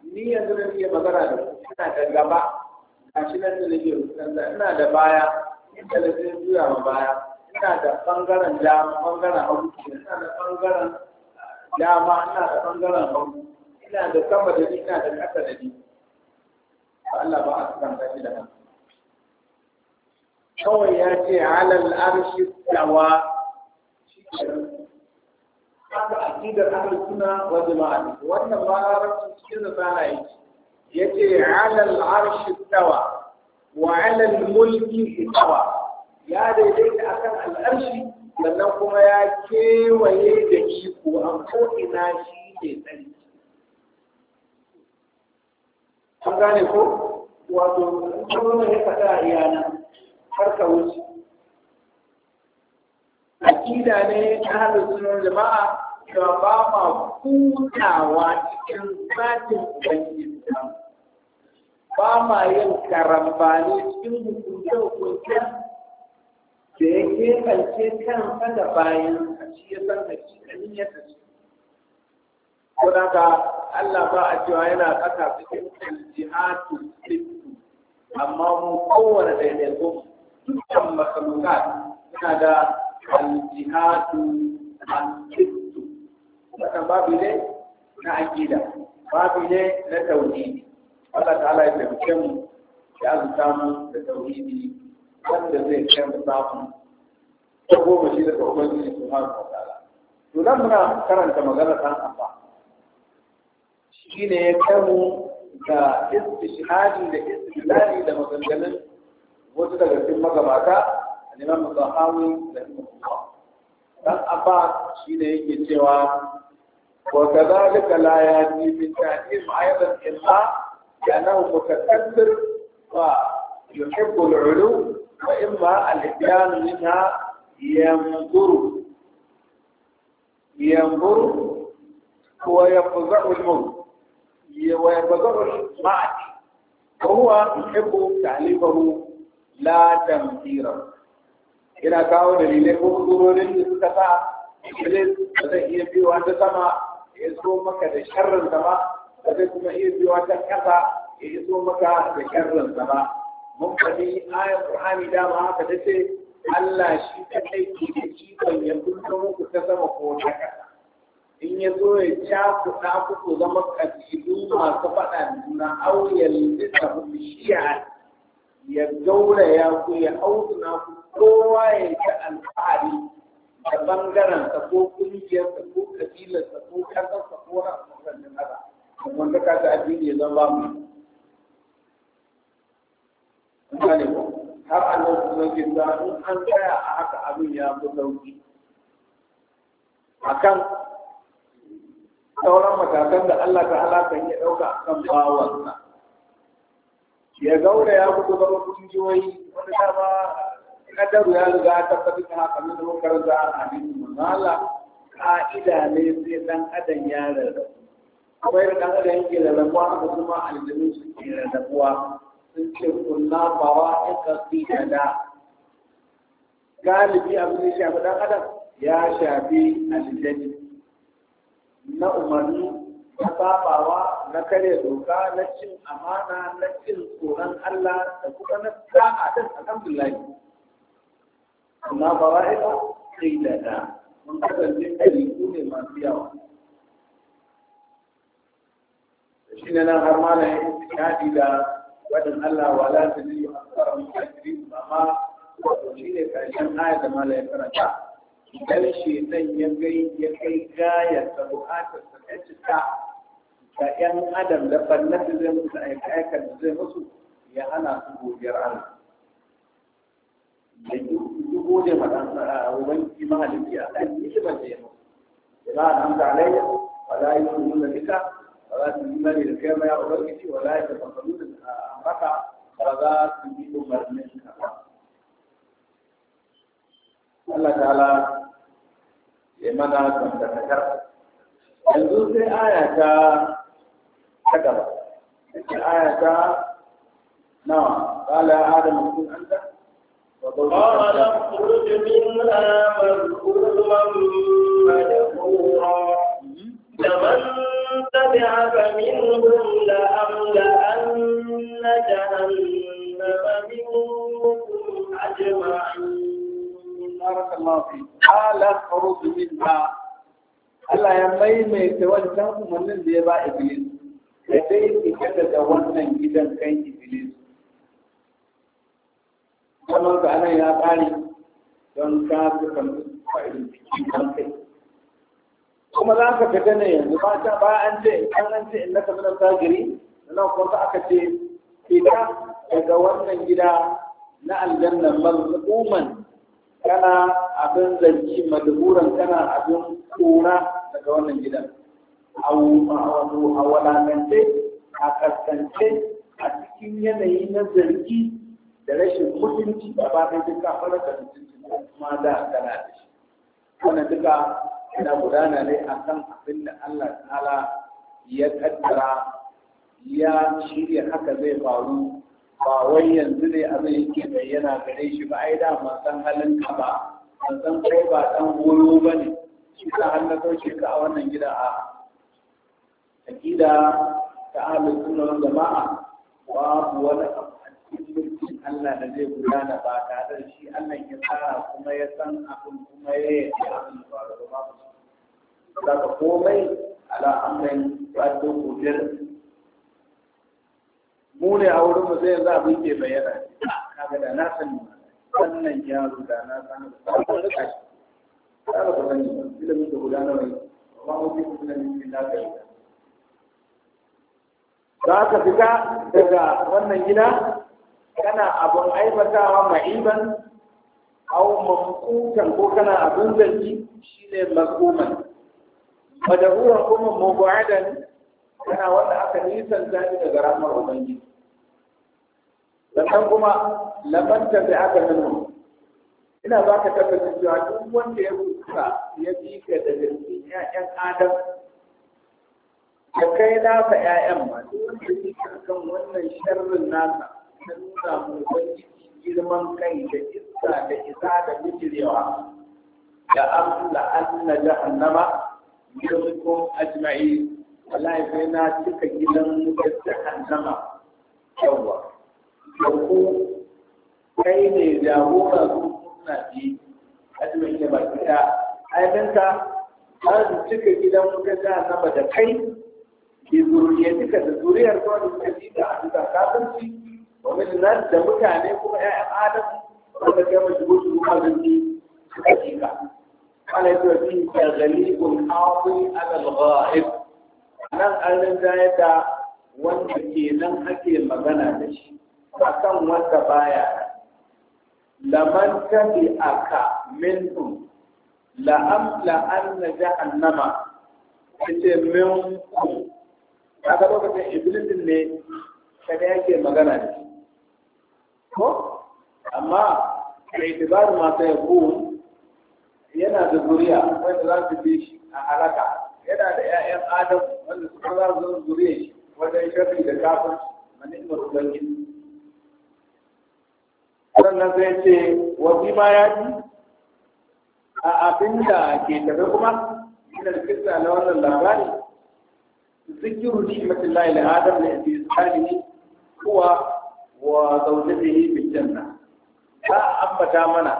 ni yanzu na iya magana da su ina da gaba a shi nan da nake fuskanta ina da baya inda na sai zuwa baya ina da bangaren dama bangaren hagu ina da bangaren ah, dama ina da bangaren hagu ina da sama da ina da ƙasa da ni Allah ba a san ta shi da hannu kawai ya ce halal arshi dawa shi ke haka akidar ahlul sunna wa jama'a wannan ba larabci cikin da tsara yake yace halal arshi istawa wa ala mulki istawa ya daidaita akan al'arshi sannan kuma ya kewaye da iko an ko ina shi ne tsari an gane ko wato kuma ya faɗa a iyana har ka wuce Akida ne na sunan jama'a da ba ma hutawa cikin satin ubangiji samu ba ma yin karambani cikin hukunce-hukuncen da ya keɓance kan da bayan a shi ya san hakikanin yadda su. Kuna ka Allah ba a cewa yana ƙasa cikin aljihatu sittu, amma mu kowane daidaito dukkan makalukat suna da aljihatu sittu. Wannan babu ne na aƙida, babu ne na tauhidi. Allah ta'ala ya taimake mu ya azurta mu da tauhidi wanda zai kai mu samu ta goma shi daga ubangiji subhanahu wa ta'ala to nan muna karanta magana ɗan abba shine ya kai mu da istishhadi da istidlali da maganganun wasu daga cikin magabata a neman Zahawi da kuma dan abba shine yake cewa wa kadhalika la yati min ta'im aidan illa لأنه متكبر ويحب العلو وإما الإتيان منها ينظر ينظر ويفزع الموت ويفزع معك وهو يحب تعليمه لا تمثيرا إلى كاون اللي هو ضرور للسماء إبليس هذا هي في وعد السماء يزوم مكة شر الزمان ba zai kuma iya biyo ta ƙasa ya iso maka da sharrin sa ba mun faɗi ayar Qur'ani dama haka ta Allah shi kadai ke da ikon ya kunta muku ta sama ko ta ƙasa in ya zo ya cakuɗa ku ku zama ƙasidu masu faɗa na auyal bisa bishiya ya ya ku ya na ku kowa ya ta alfahari da bangaren sa ko kungiyar sa ko kabilar sa ko kasar sa ko na wanda ka ta addini ya zama mu Kuma ko har yi kuma ke sa in an tsaya a haka abin ya fi sauki akan sauran matakan da Allah ta halaka ya ɗauka akan bawansa ya gaura ya fito zama kungiyoyi wani dama kadaru ya riga ya tabbatar da haka ne da makaranta a hadisin manzala ka'ida ne sai dan adam ya rarrabu akwai da ɗan adam yake rabuwa, haka kuma aljanu da rabuwa, sun ce kunna bawa in ka fi da galibi abin da shafi ɗan adam ya shafi aljani na umarni na sabawa na karya doka na cin amana na cin tsoron Allah da kuma na sa'a din alhamdulillah kunna bawa in ka fi da mun kasance ɗari ne masu yawa shi ne nan har mala ya yi shaɗi da wajen Allah wa la ta niyu asara muhajirin amma wato shi ne ƙarshen aya da mala ya karanta idan shi nan ya kai ya kai gayar ta buƙatar sa ta cika ga ƴan adam da ɓannar da zai musu aika-aikar da zai musu ya hana su godiyar Allah. Duk gode ma ɗan sara a ubangiji mahalicci a kan yi shi ba da yamma. Ila an ta alayya, wa la yi su nuna duka, ba za su yi mani da kai ma ya ubangiji wa la ta fasalu da ambata ba za su yi umarnin ka ba Allah ta'ala ya mana dangantakar yanzu sai aya ta ta gaba aya ta nawa qala adam kun anta قال اخرج منها مذكورا مدحورا فمن تبعك منهم لأملأن جهنم منكم أجمعين بارك الله فيك قال اخرج منها Allah ya maimaita wancan umarnin da ya ba Iblis, da dai fita daga wannan gidan kan Iblis. Zaman ka ya ƙare don ka fi kan irin cikin kai. kuma za ka fita ne yanzu ba ta ba an ce an an ce in naka minan tajiri sannan kuma aka ce fita daga wannan gida na aljanna mazuman kana abin zanci madhuran kana abin kura daga wannan gida au a walakance a kaskance a cikin yanayi na zargi da rashin mutunci a ba ta duka fara da mutunci kuma da kana da shi wannan duka ina gudana ne a kan abin da Allah ta'ala ya kaddara ya shirya haka zai faru ba wai yanzu ne abin yake yana gare shi ba ai da san halin ka ba man san kai ba dan goyo ba ne shi ka har sauke ka a wannan gida a akida ta ahlus sunna wal jama'a babu wani abu a cikin Allah da zai gudana ba tare da shi Allah ya tsara kuma ya san abin kuma ya yi abin da ba babu su ka komai ala wato kujer. mu ne a wurin mu zai za mu ke bayyana kaga da na sani wannan yaro da na sani ba ko rika shi kaga ba sani ilimin da gudanarwa ba mu ji kuma ne da lafiya za ka fita daga wannan gida kana abun aibatawa ma'iban aw mamkutan ko kana abun zargi shine mazmuman madahuwa kuma mubadan kana wanda aka nisan zani daga ramar ubangi sannan kuma lamar da aka nuna ina za ka tabbatar cewa duk wanda ya kusa ya bi ka daga cikin 'ya'yan adam Ya kai nasa 'ya'yan ma duk wanda ya bi kan wannan sharrin nasa ta nuna mu girman kai da iska da isa da bijirewa da amla anna jahannama yurkum ajma'i wallahi sai na cika gidan mutar jahannama yawa da ku kai ne jagora su suna ji ajma'i da baki ɗaya aibinka har su cika gidan mutar jahannama da kai ke zuriyar duka da zuriyar kawai da suka ji da a duka kafirci ومن رد متعني كما آدم وقد كما تقول سبحان الله حقيقة wanda ke nan ake magana da shi kan wanda baya laman tabi aka minhum la'am la'an na lokacin iblis ne kada yake magana da ko amma da itibarin masu yakun yana da zuriya wanda za su bi shi a halaka yana da 'ya'yan adam wanda suka za su zuriya shi wanda ya shafi da kafin manimar ubangiji sannan zai ce wasu ma ya ji a abin da ke tafi kuma yana da kisa na wannan labari zikiru ne mafi layi da adam da ya fi tsari ne kuwa wa zaujatihi bil janna ta ambata mana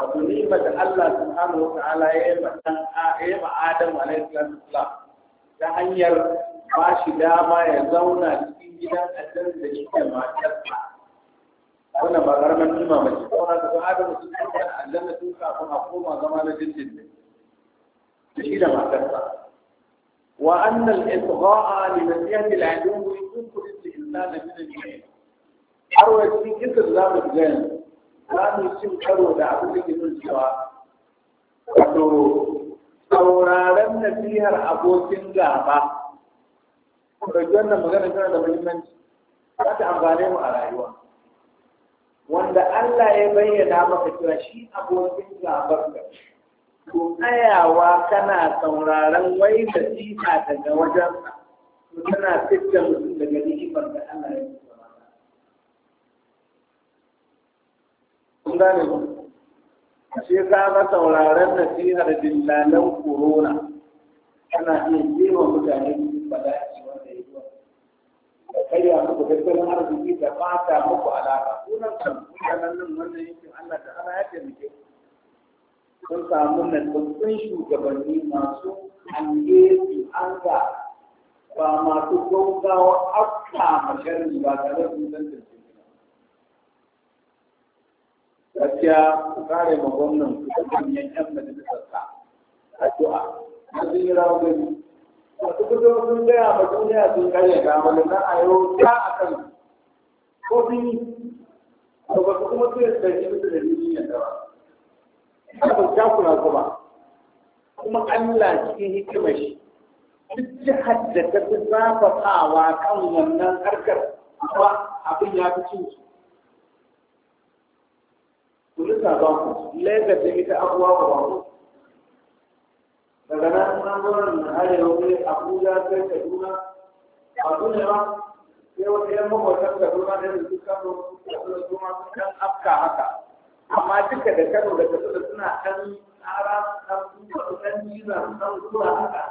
wato ni'imar da Allah subhanahu wa ta'ala ya yi ma dan ya ma Adam alaihi salam hanyar ba shi dama ya zauna cikin gidan aljanna da shi da matarsa wannan ba karamar nima ba ce a koma shi da matarsa وأن الإطغاء لمسيحة العدو ينقذ الإنسان من الجنة har wai cikin kisar za mu ga za mu cin karo da abin da ke nun cewa wato sauraren nasihar abokin gaba ɗauki wannan magana tana da muhimmanci za ta amfane mu a rayuwa wanda Allah ya bayyana maka cewa shi abokin gabar ka to tsayawa kana sauraron wai da sifa daga wajen tana fitta mutum daga ni'imar da Allah ya kun gane ku shi ka ga sauraren nasihar dillalan corona ana iya jewa mutane cikin bala'i wanda ya zuwa da karya muku tattalin arziki da fata muku alaƙa sunan kan mutanen nan wannan yankin Allah ta ana ya taimake sun samu natsatsun shugabanni masu alheri an ga ba masu gaugawa afka masharri ba tare da sun tantance gaskiya ku kare ma gwamnan ku da manyan yan majalisarsa sa addu'a na sun yi rawa gani wasu kusa sun gaya ba sun gaya sun karya ga wani na a yau ta a kan ko sun yi to ba su kuma su yi tsarki musu da jini yadda ba ba ta kula su ba kuma Allah cikin hikimar shi duk jihar da ta fi zafafawa kan wannan harkar kuma abin ya fi cin su sabon ku lagos da ita abuwa ba ku daga nan nan gwamnan na arewa ne abuja sai kaduna abu ne ba sai wata yan makwatan kaduna da yanzu kano da su ma sun kan afka haka amma duka da kano da kaduna suna kan tsara kan kuma su kan jiza su kan zuwa haka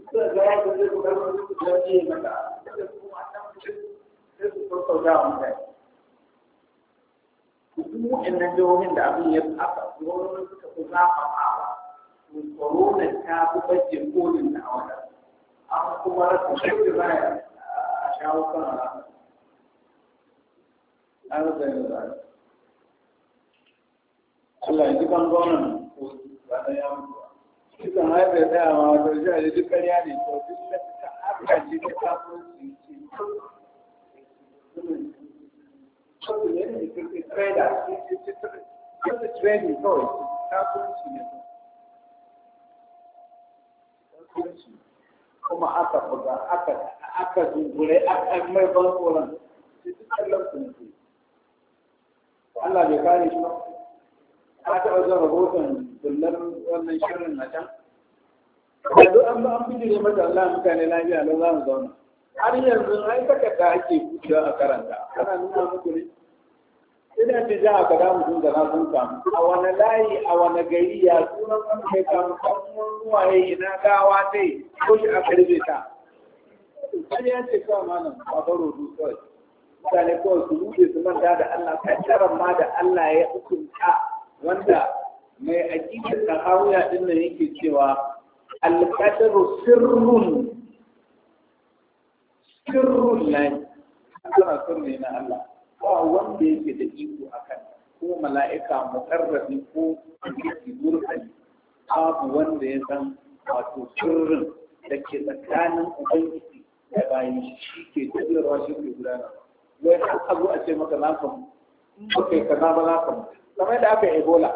suka ga yadda zai ku kano su kan jiye maka da kuma a can sai su sassauta wa mutane su jihohin da abin ya tsafa wani suka fi zafafawa to tsaro da ta fi bajin kolin da awada an kuma rasa shi da a shawo kan alaƙa an zai da Allah ya ji kan ko ba ta ya mutu shi haifar da tsaya ma wata shi da duk ƙarya ne ko duk da ta aka ce ta kafin su saboda yadda kuma aka buga aka aka aka mai ban kallon Allah bai kare shi ba rahoton wannan shirin na can yanzu an ba an mata Allah mutane lafiya lau zauna har yanzu ai takarda ake kuciya a karanta ana nuna muku ne idan da a ka damu sun zana sun samu a wani layi a wani gari ya sunan wani mai samu kamuwan ruwa ya yi na gawa dai ko shi a karbe ta sai ya ce kawai malam a baro du mutane kawai su buɗe su manta da Allah kaddaran ma da Allah ya hukunta wanda mai aƙidar tahawuya din nan yake cewa alƙadaru sirrun sirrun lai Allah na Allah ba wanda yake da iko akan ko mala'ika mukarrabi ko yake murkali babu wanda ya san wato sirrin da ke tsakanin ubangiji da bayan shi ke tafiyarwa shi ke gudana wai har a zo a ce maka na kan kai kaza ba na kan kamar da aka ebola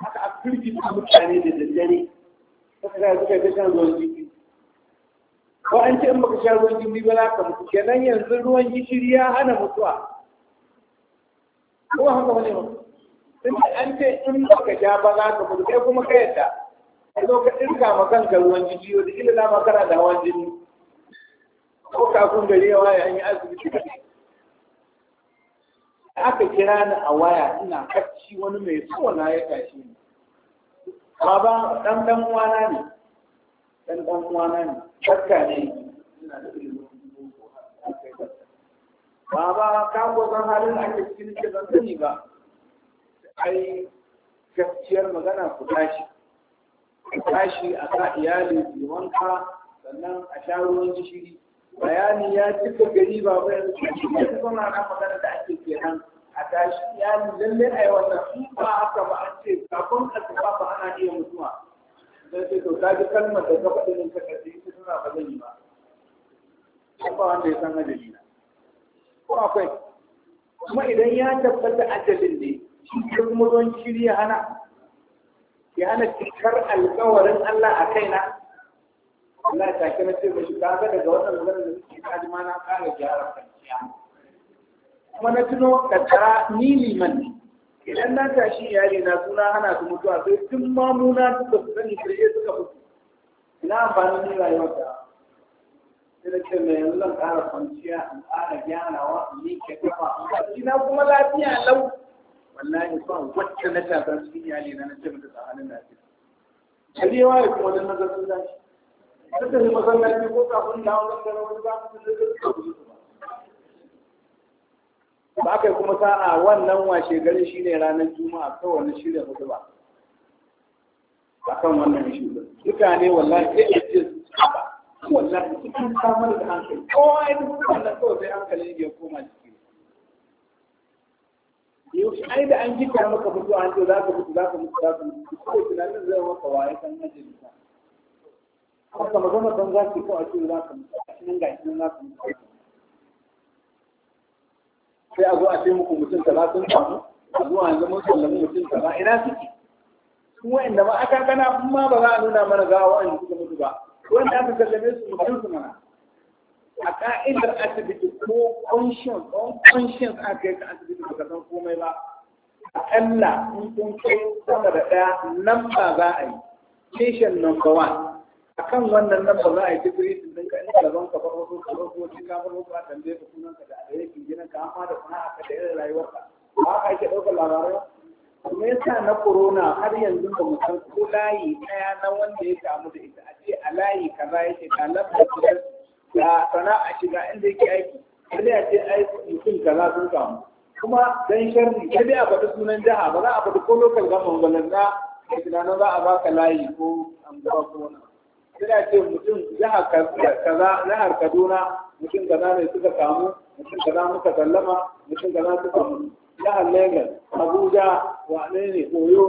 haka a firgita mutane da daddare suka ga suka ga shan ruwan jiki ko an ce in baka sha ruwan jiki ba na kan kenan yanzu ruwan gishiri ya hana mutuwa ko haka ne ba tun an ce in baka ja ba za ka mutu kai kuma ka yadda ka ka irka ma kanka ruwan jiji wata illa ma kana da hawan jini ko kafin gari ya waye an yi asibiti ka aka kira ni a waya ina kacci wani mai na ya tashi ni baba dan dan uwana ne dan dan uwana ne shakka ne ina da ilimi baba ka san halin da ake cikin ke zan sani ba ai gaskiyar magana ku tashi ku tashi a ka iyali ku wanka sannan a sha gishiri bayani ya cika gari ba ba yanzu ya na magana da ake kenan a tashi iyali lalle a yi wannan ba haka ba an ce kafin asuba ba ana iya mutuwa sai ce to ta kalmar da ka faɗi ka karɓi ita suna ba zan yi ba ba wanda ya san adali na ko akwai kuma idan ya tabbata ajalin ne cikin muron shiri ya hana ya hana cikar alkawarin Allah a kaina Allah ya take na ce shi kaga daga wannan maganar da suke kaji ma na kara gyara kanciya kuma na tuno kaddara ni liman ne idan na tashi iyali na suna hana su mutuwa sai tun mamuna suka sani sai suka mutu ina amfanin ni rayuwar ta? sai ce mai yanzu zan ƙara kwanciya in ƙara gyarawa in yi ke kafa na kuma lafiya lau wallahi ba wacce na tafi cikin iyali na na ce mata tsakanin lafiya kalewa ya kuma wajen nazarin zashi suka yi masallaci ko kafin da wani gano wani ba su da suka ba kai kuma sa'a wannan washe gari shi ne ranar juma'a kawai wani shirya hudu ba a kan wannan shi duka ne wallahi sai a wallahi cikin samar da hankali ko ya duk wannan kawai sai hankali ne ya koma jiki yau ai da an jika maka mutu an ce za ka mutu za ka mutu za ka mutu kawai tunanin zai maka waye kan ajin ka haka magana ban za ki ko a ce za ka mutu a cikin ga cikin za ka mutu sai a zo a ce muku mutum kaza sun samu a zuwa yanzu mun sallami mutum kaza ina suke kuma inda ma aka kana ma ba za a nuna mana gawa wa'anda suka mutu ba wanda aka sallame su mutum su mana a ka'idar asibiti ko conscience on conscience aka kai ka asibiti baka san komai ba akalla in kun kai sama da ɗaya namba za a yi patient number one akan wannan namba za a yi degree din ka in ka zan ka bar wasu ka bar wasu ka bar wasu a tambaye ka sunan ka da alayyakin gidan ka amma da sana'a ka da irin rayuwarka ba ka ɗaukar labarai me yasa na corona har yanzu ba mu san ko layi daya na wanda ya kamu da ita a ce a layi kaza yake ka lafiya da sana'a shiga inda yake aiki sai ya ce ai mutum kaza sun samu, kuma dan sharri sai dai a faɗi sunan jiha ba za a faɗi ko local government ba lanza da tunanin za a ba ka layi ko anguwa ko wani sai a ce mutum jihar Kaduna mutum kaza ne suka samu, mutum kaza muka sallama mutum kaza suka mutu jihar Legas, Abuja, wane ne, Oyo,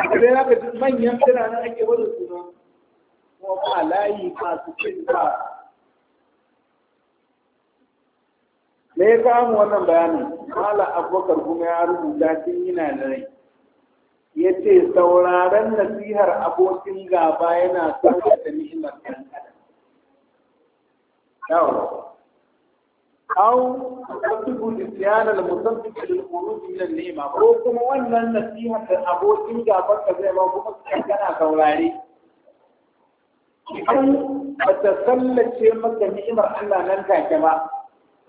aka dai haka duk manyan biranen ake wadda suna ko ba layi masu cin ba. Me ya kamu wannan bayanin? Mala Abubakar kuma ya rubuta tun yana da rai. Ya ce, sauraren nasihar abokin gaba yana sauƙaƙa ni'imar ɗan adam. Yawa. أو تكتب نسيان المصدق للخروج من النعمة ko kuma wannan nasiha da abokin gaban ka zai ba kuma kana saurare idan ba ta sallace maka ni'imar Allah nan take ba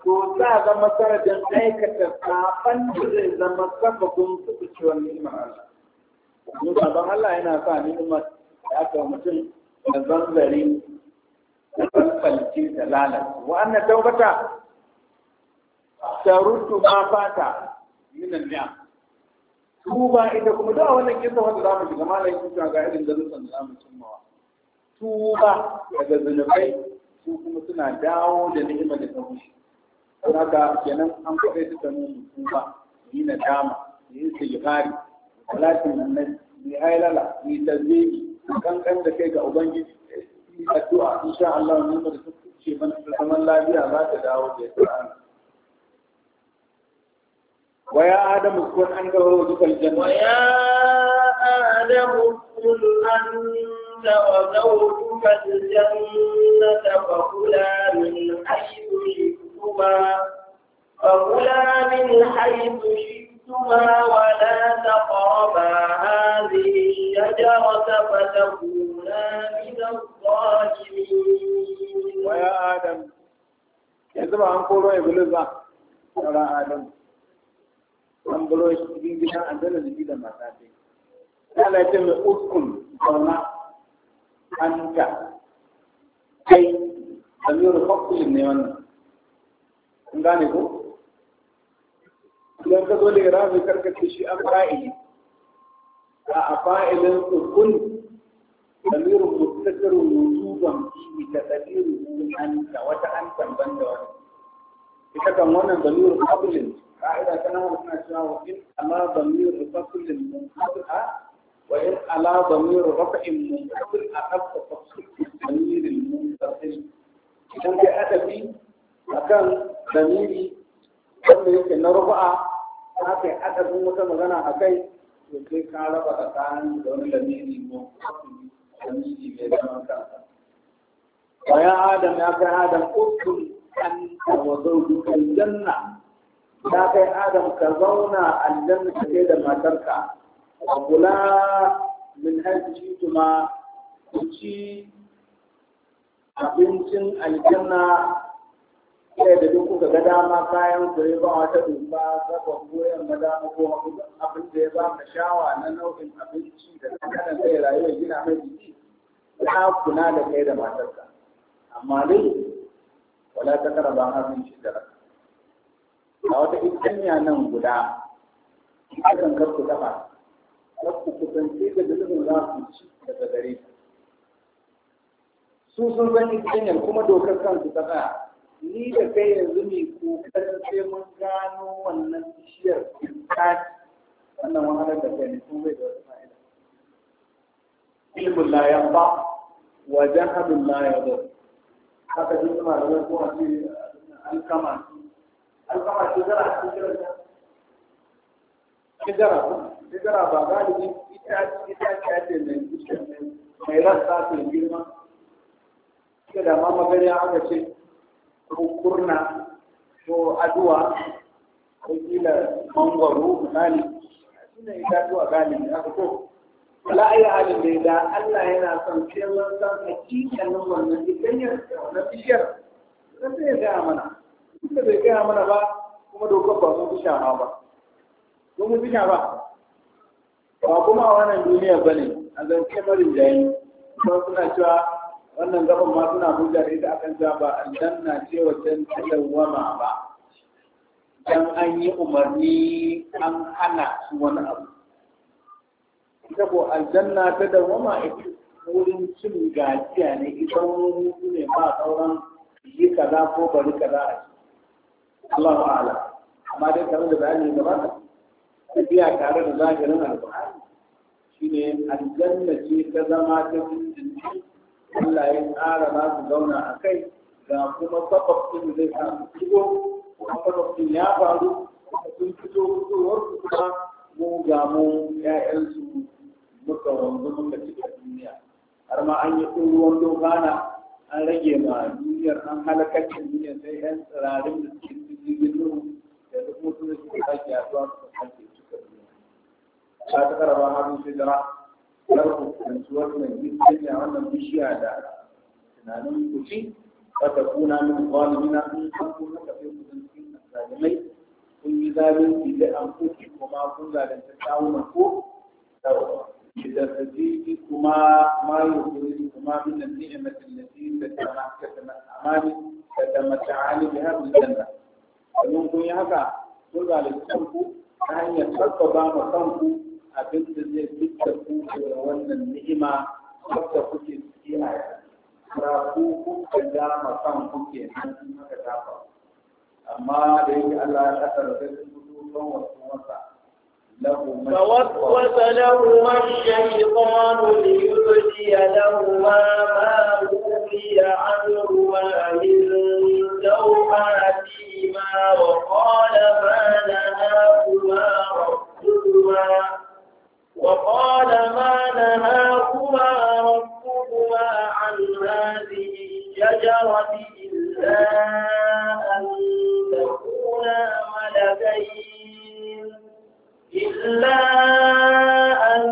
to za a zama sanadin aikata saban da zai zama sababin kuɓucewar ni'imar Allah domin saban Allah yana sa ni'imar da aka mutum da zanzari da falfalce da lalata wa'annan taubata taruddu ma fata minan ni'am tuba ita kuma da wannan kisa wanda za mu shiga malayin kuka ga irin darussan da za mu cimmawa tuba daga zunubai su kuma suna dawo da ni'imar da ta wuce don haka kenan an kwaɗe su ta nuna tuba ni na dama yi sigari salatin annabi ni hailala yi tazbihi kankan da kai ga ubangiji yi addu'a insha Allah mun da su ce mana zaman lafiya za ta dawo da ya ويا آدم اسكن أنت وزوجك الجنة ويا آدم اسكن أنت وزوجك الجنة فكلا من حيث شئتما فكلا من حيث شئتما ولا تقربا هذه الشجرة فتكونا من الظالمين ويا آدم يا زلمة أنقول إبليس يا آدم an baro cikin gidan an zana jiki da mata ce ya ce mai uskun zauna anta kai amiru fakulin ne wannan kun gane ko idan ka zo daga rafi karkace shi an fa'ili a fa'ilin uskun ضمير مستتر وجوبا فيه تقديره انت وانت بند واحد. إذا كان هنا ضمير ne? قاعدة كانوا هنا شاو إن على ضمير فصل منقطع وإن على ضمير رفع منقطع أخف تفصيل ضمير المنقطع إذا كان في أكان ضميري wanda yake na rufa'a ta kai adadin wata magana a kai to sai ka raba tsakanin da wani lamiri ko lamiri mai zaman adam ya kai adam ukun janna ya kai adam ka zauna aljanna ka kai da matarka wa kula min hajji kuma ku ci abincin aljanna sai da duk kuka ga dama kayan zai ba wata duba gaba goyon dama ko abin da ya ba ka shawa na nau'in abinci da kanan kai rayuwa gina mai jiki ya kuna da kai da matarka amma dai wala ta kara ba hannun da raka a wata ikanya nan guda akan kar ku dafa kar ku kusance da dalilin za su ci daga gare su sun san ikanyar kuma dokar kansu ta tsaya ni da kai yanzu ko kan sai mun gano wannan bishiyar kaci wannan wahalar da kai ne sun bai da wata fa'ida ilmin layan ba wajen jahadun layan ba. haka duk malamai ko a ce alkama alkama shekara a shekarar ta shekara shekara ba galibi ita ita ce mai mai rasta mai girma ita da ma magani aka ce ko kurna ko aduwa ko kila mangwaro misali suna itatuwa galibi aka ko wala ayi halin da da Allah yana son sai mun san hakikanin wannan idan ya wannan bishiyar sai ya ga mana tunda bai gaya mana ba kuma dokar ba mun fi shafa ba mun fi shafa ba kuma wannan duniya ba ne a zance marin yi kuma suna cewa wannan gaban ma suna hujja da ita akan cewa ba aljanna ce wajen tadawwama ba dan an yi umarni an hana su wani abu ita ko aljanna ta wama ita wurin cin gajiya ne idan wani ne ba sauran yi kaza ko bari kaza a ciki Allah ta'ala amma dai tare da bayani gaba tafiya tare da zahirin alƙur'ani shine aljanna ce ta zama ta cikin Allah ya tsara za su zauna a kai ga kuma sababin zai samu shigo kuma sababin ya faru sun fito fitowar su kuma mu ga mu ƴaƴansu muka wanzu muka cika duniya har ma an yi ruwan dogana an rage ma duniyar an halakacin duniyar sai 'yan tsirarin da suke jirgin da kuma suna suke aiki a zuwa su kanke suka biya ta ta karaba hannun shidara yar kusanci wannan jirgin wannan bishiya da tunanin kuci wata kuna min zalimina in an kuna ka fi kusanci zalimai kun yi zalunci da an kuki kuma kun zalunci kawunan ko إذا فجئتكما ما يخرجكما من النعمة التي تتمتعان بها بالجنة domin kun yi haka kun zalunci kanku ta hanyar sabbaba ma kanku abin da zai fitta ku da wannan ni'ima wadda kuke ciki a yanzu. Ba ku kuka dama kanku ke nan in maka Amma da yake Allah ya kasar da sun fito don wasu wasa. فوسوس لهما الشيطان ليبدي لهما ما ولي عنه وقال ما نهاكما ربكما عن هذه الشجرة إلا أن تكونا ملكين إلا أن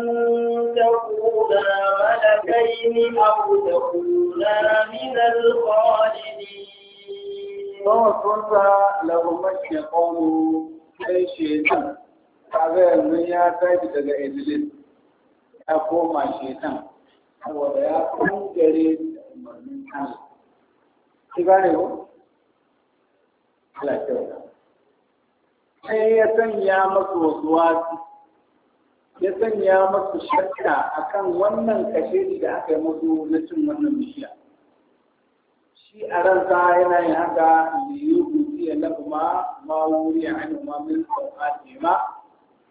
تكونا ملكين أو تكونا من الخالقين wawaswasa lahumar yanzu ya tashi daga iblis ya koma shetan ya da ya sanya masu wasu wasu ya sanya akan wannan kashe da aka yi mutu na cin wannan bishiya shi a ransa yana yin haka yi kuciya ya lafi ma wuri a hannun ma min sauƙaƙe ma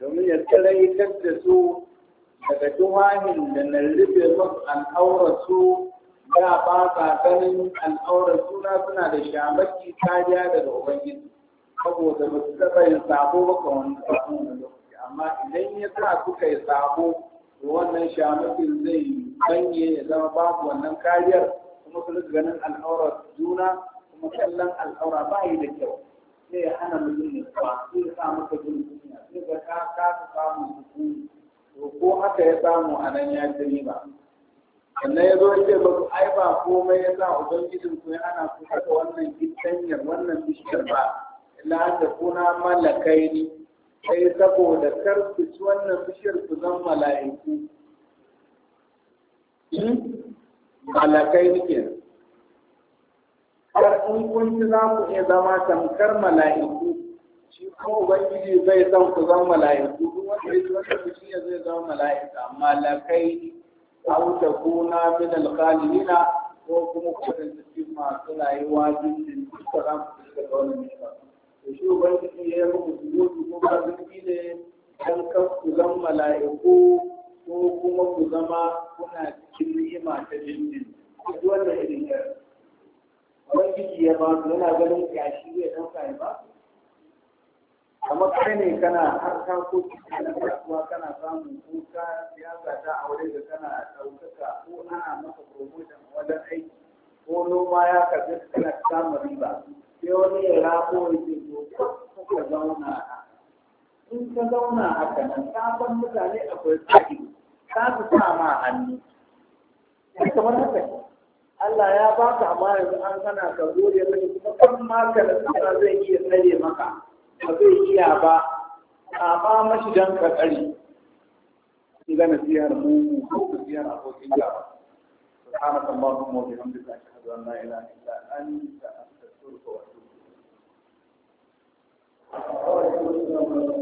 domin ya yi da su daga duhahin da na rufe masu su da ba sa ganin al'aurarsu suna suna da shamaki kariya daga ubangiji saboda ba su taɓa yin sabo ba kan wani sabon wani lokaci amma idan ya sa suka yi sabo wannan shamakin zai banye ya zama babu wannan kariyar kuma su rika ganin al'aura juna kuma kallon al'aura ba yi da kyau sai ya hana mutum ne kuwa sai ya sa maka jin kunya sai ka ka su samu sukuni to ko haka ya samu a nan ya ci ba. sannan ya zo ya ce ba ai ba komai ya sa ubangijin ku ya ana su haka wannan gidanyar wannan bishiyar ba illa da kuna malakai ne sai saboda kar su ci wannan bishiyar su zan mala'iku hmm? malakai kenan har in kun ci za ku iya zama tamkar mala'iku shi kuma ubangiji zai san ku zama mala'iku duk wanda ya ci wata bishiya zai zama mala'ika malakai ta kuna min al-khalidina ko kuma ku kasance cikin masu rayuwa jinjin duka za ku ci da wani ba. to shi ubangiji ya yi muku zuwa ko ba zuki ne dan kan ku zama mala'iku ko kuma ku zama kuna cikin ni'ima ta jinjin duk wanda irin wani ubangiji ya ba su yana ganin kyashi zai ɗauka ya ba kamar kai ne kana har ka ko cikin kasuwa kana samun ko ka siyasa ta aure da kana ɗaukaka ko ana maka promotion da wajen aiki ko noma ya karbi kana samun riba sai wani ya rafo ya ce to ka zauna a in ka zauna a nan ka mutane akwai tsari ka su sa ma hannu kai kamar haka Allah ya ba ka amma yanzu an kana ka gode mai kuma kan ma ka da zai iya tsare maka ba zai iya ba amma mashi dan ka tsare in ga nasiyar mu ko nasiyar abokin gaba سبحانك اللهم وبحمدك أشهد أن لا إله إلا أنت أستغفرك وأتوب إليك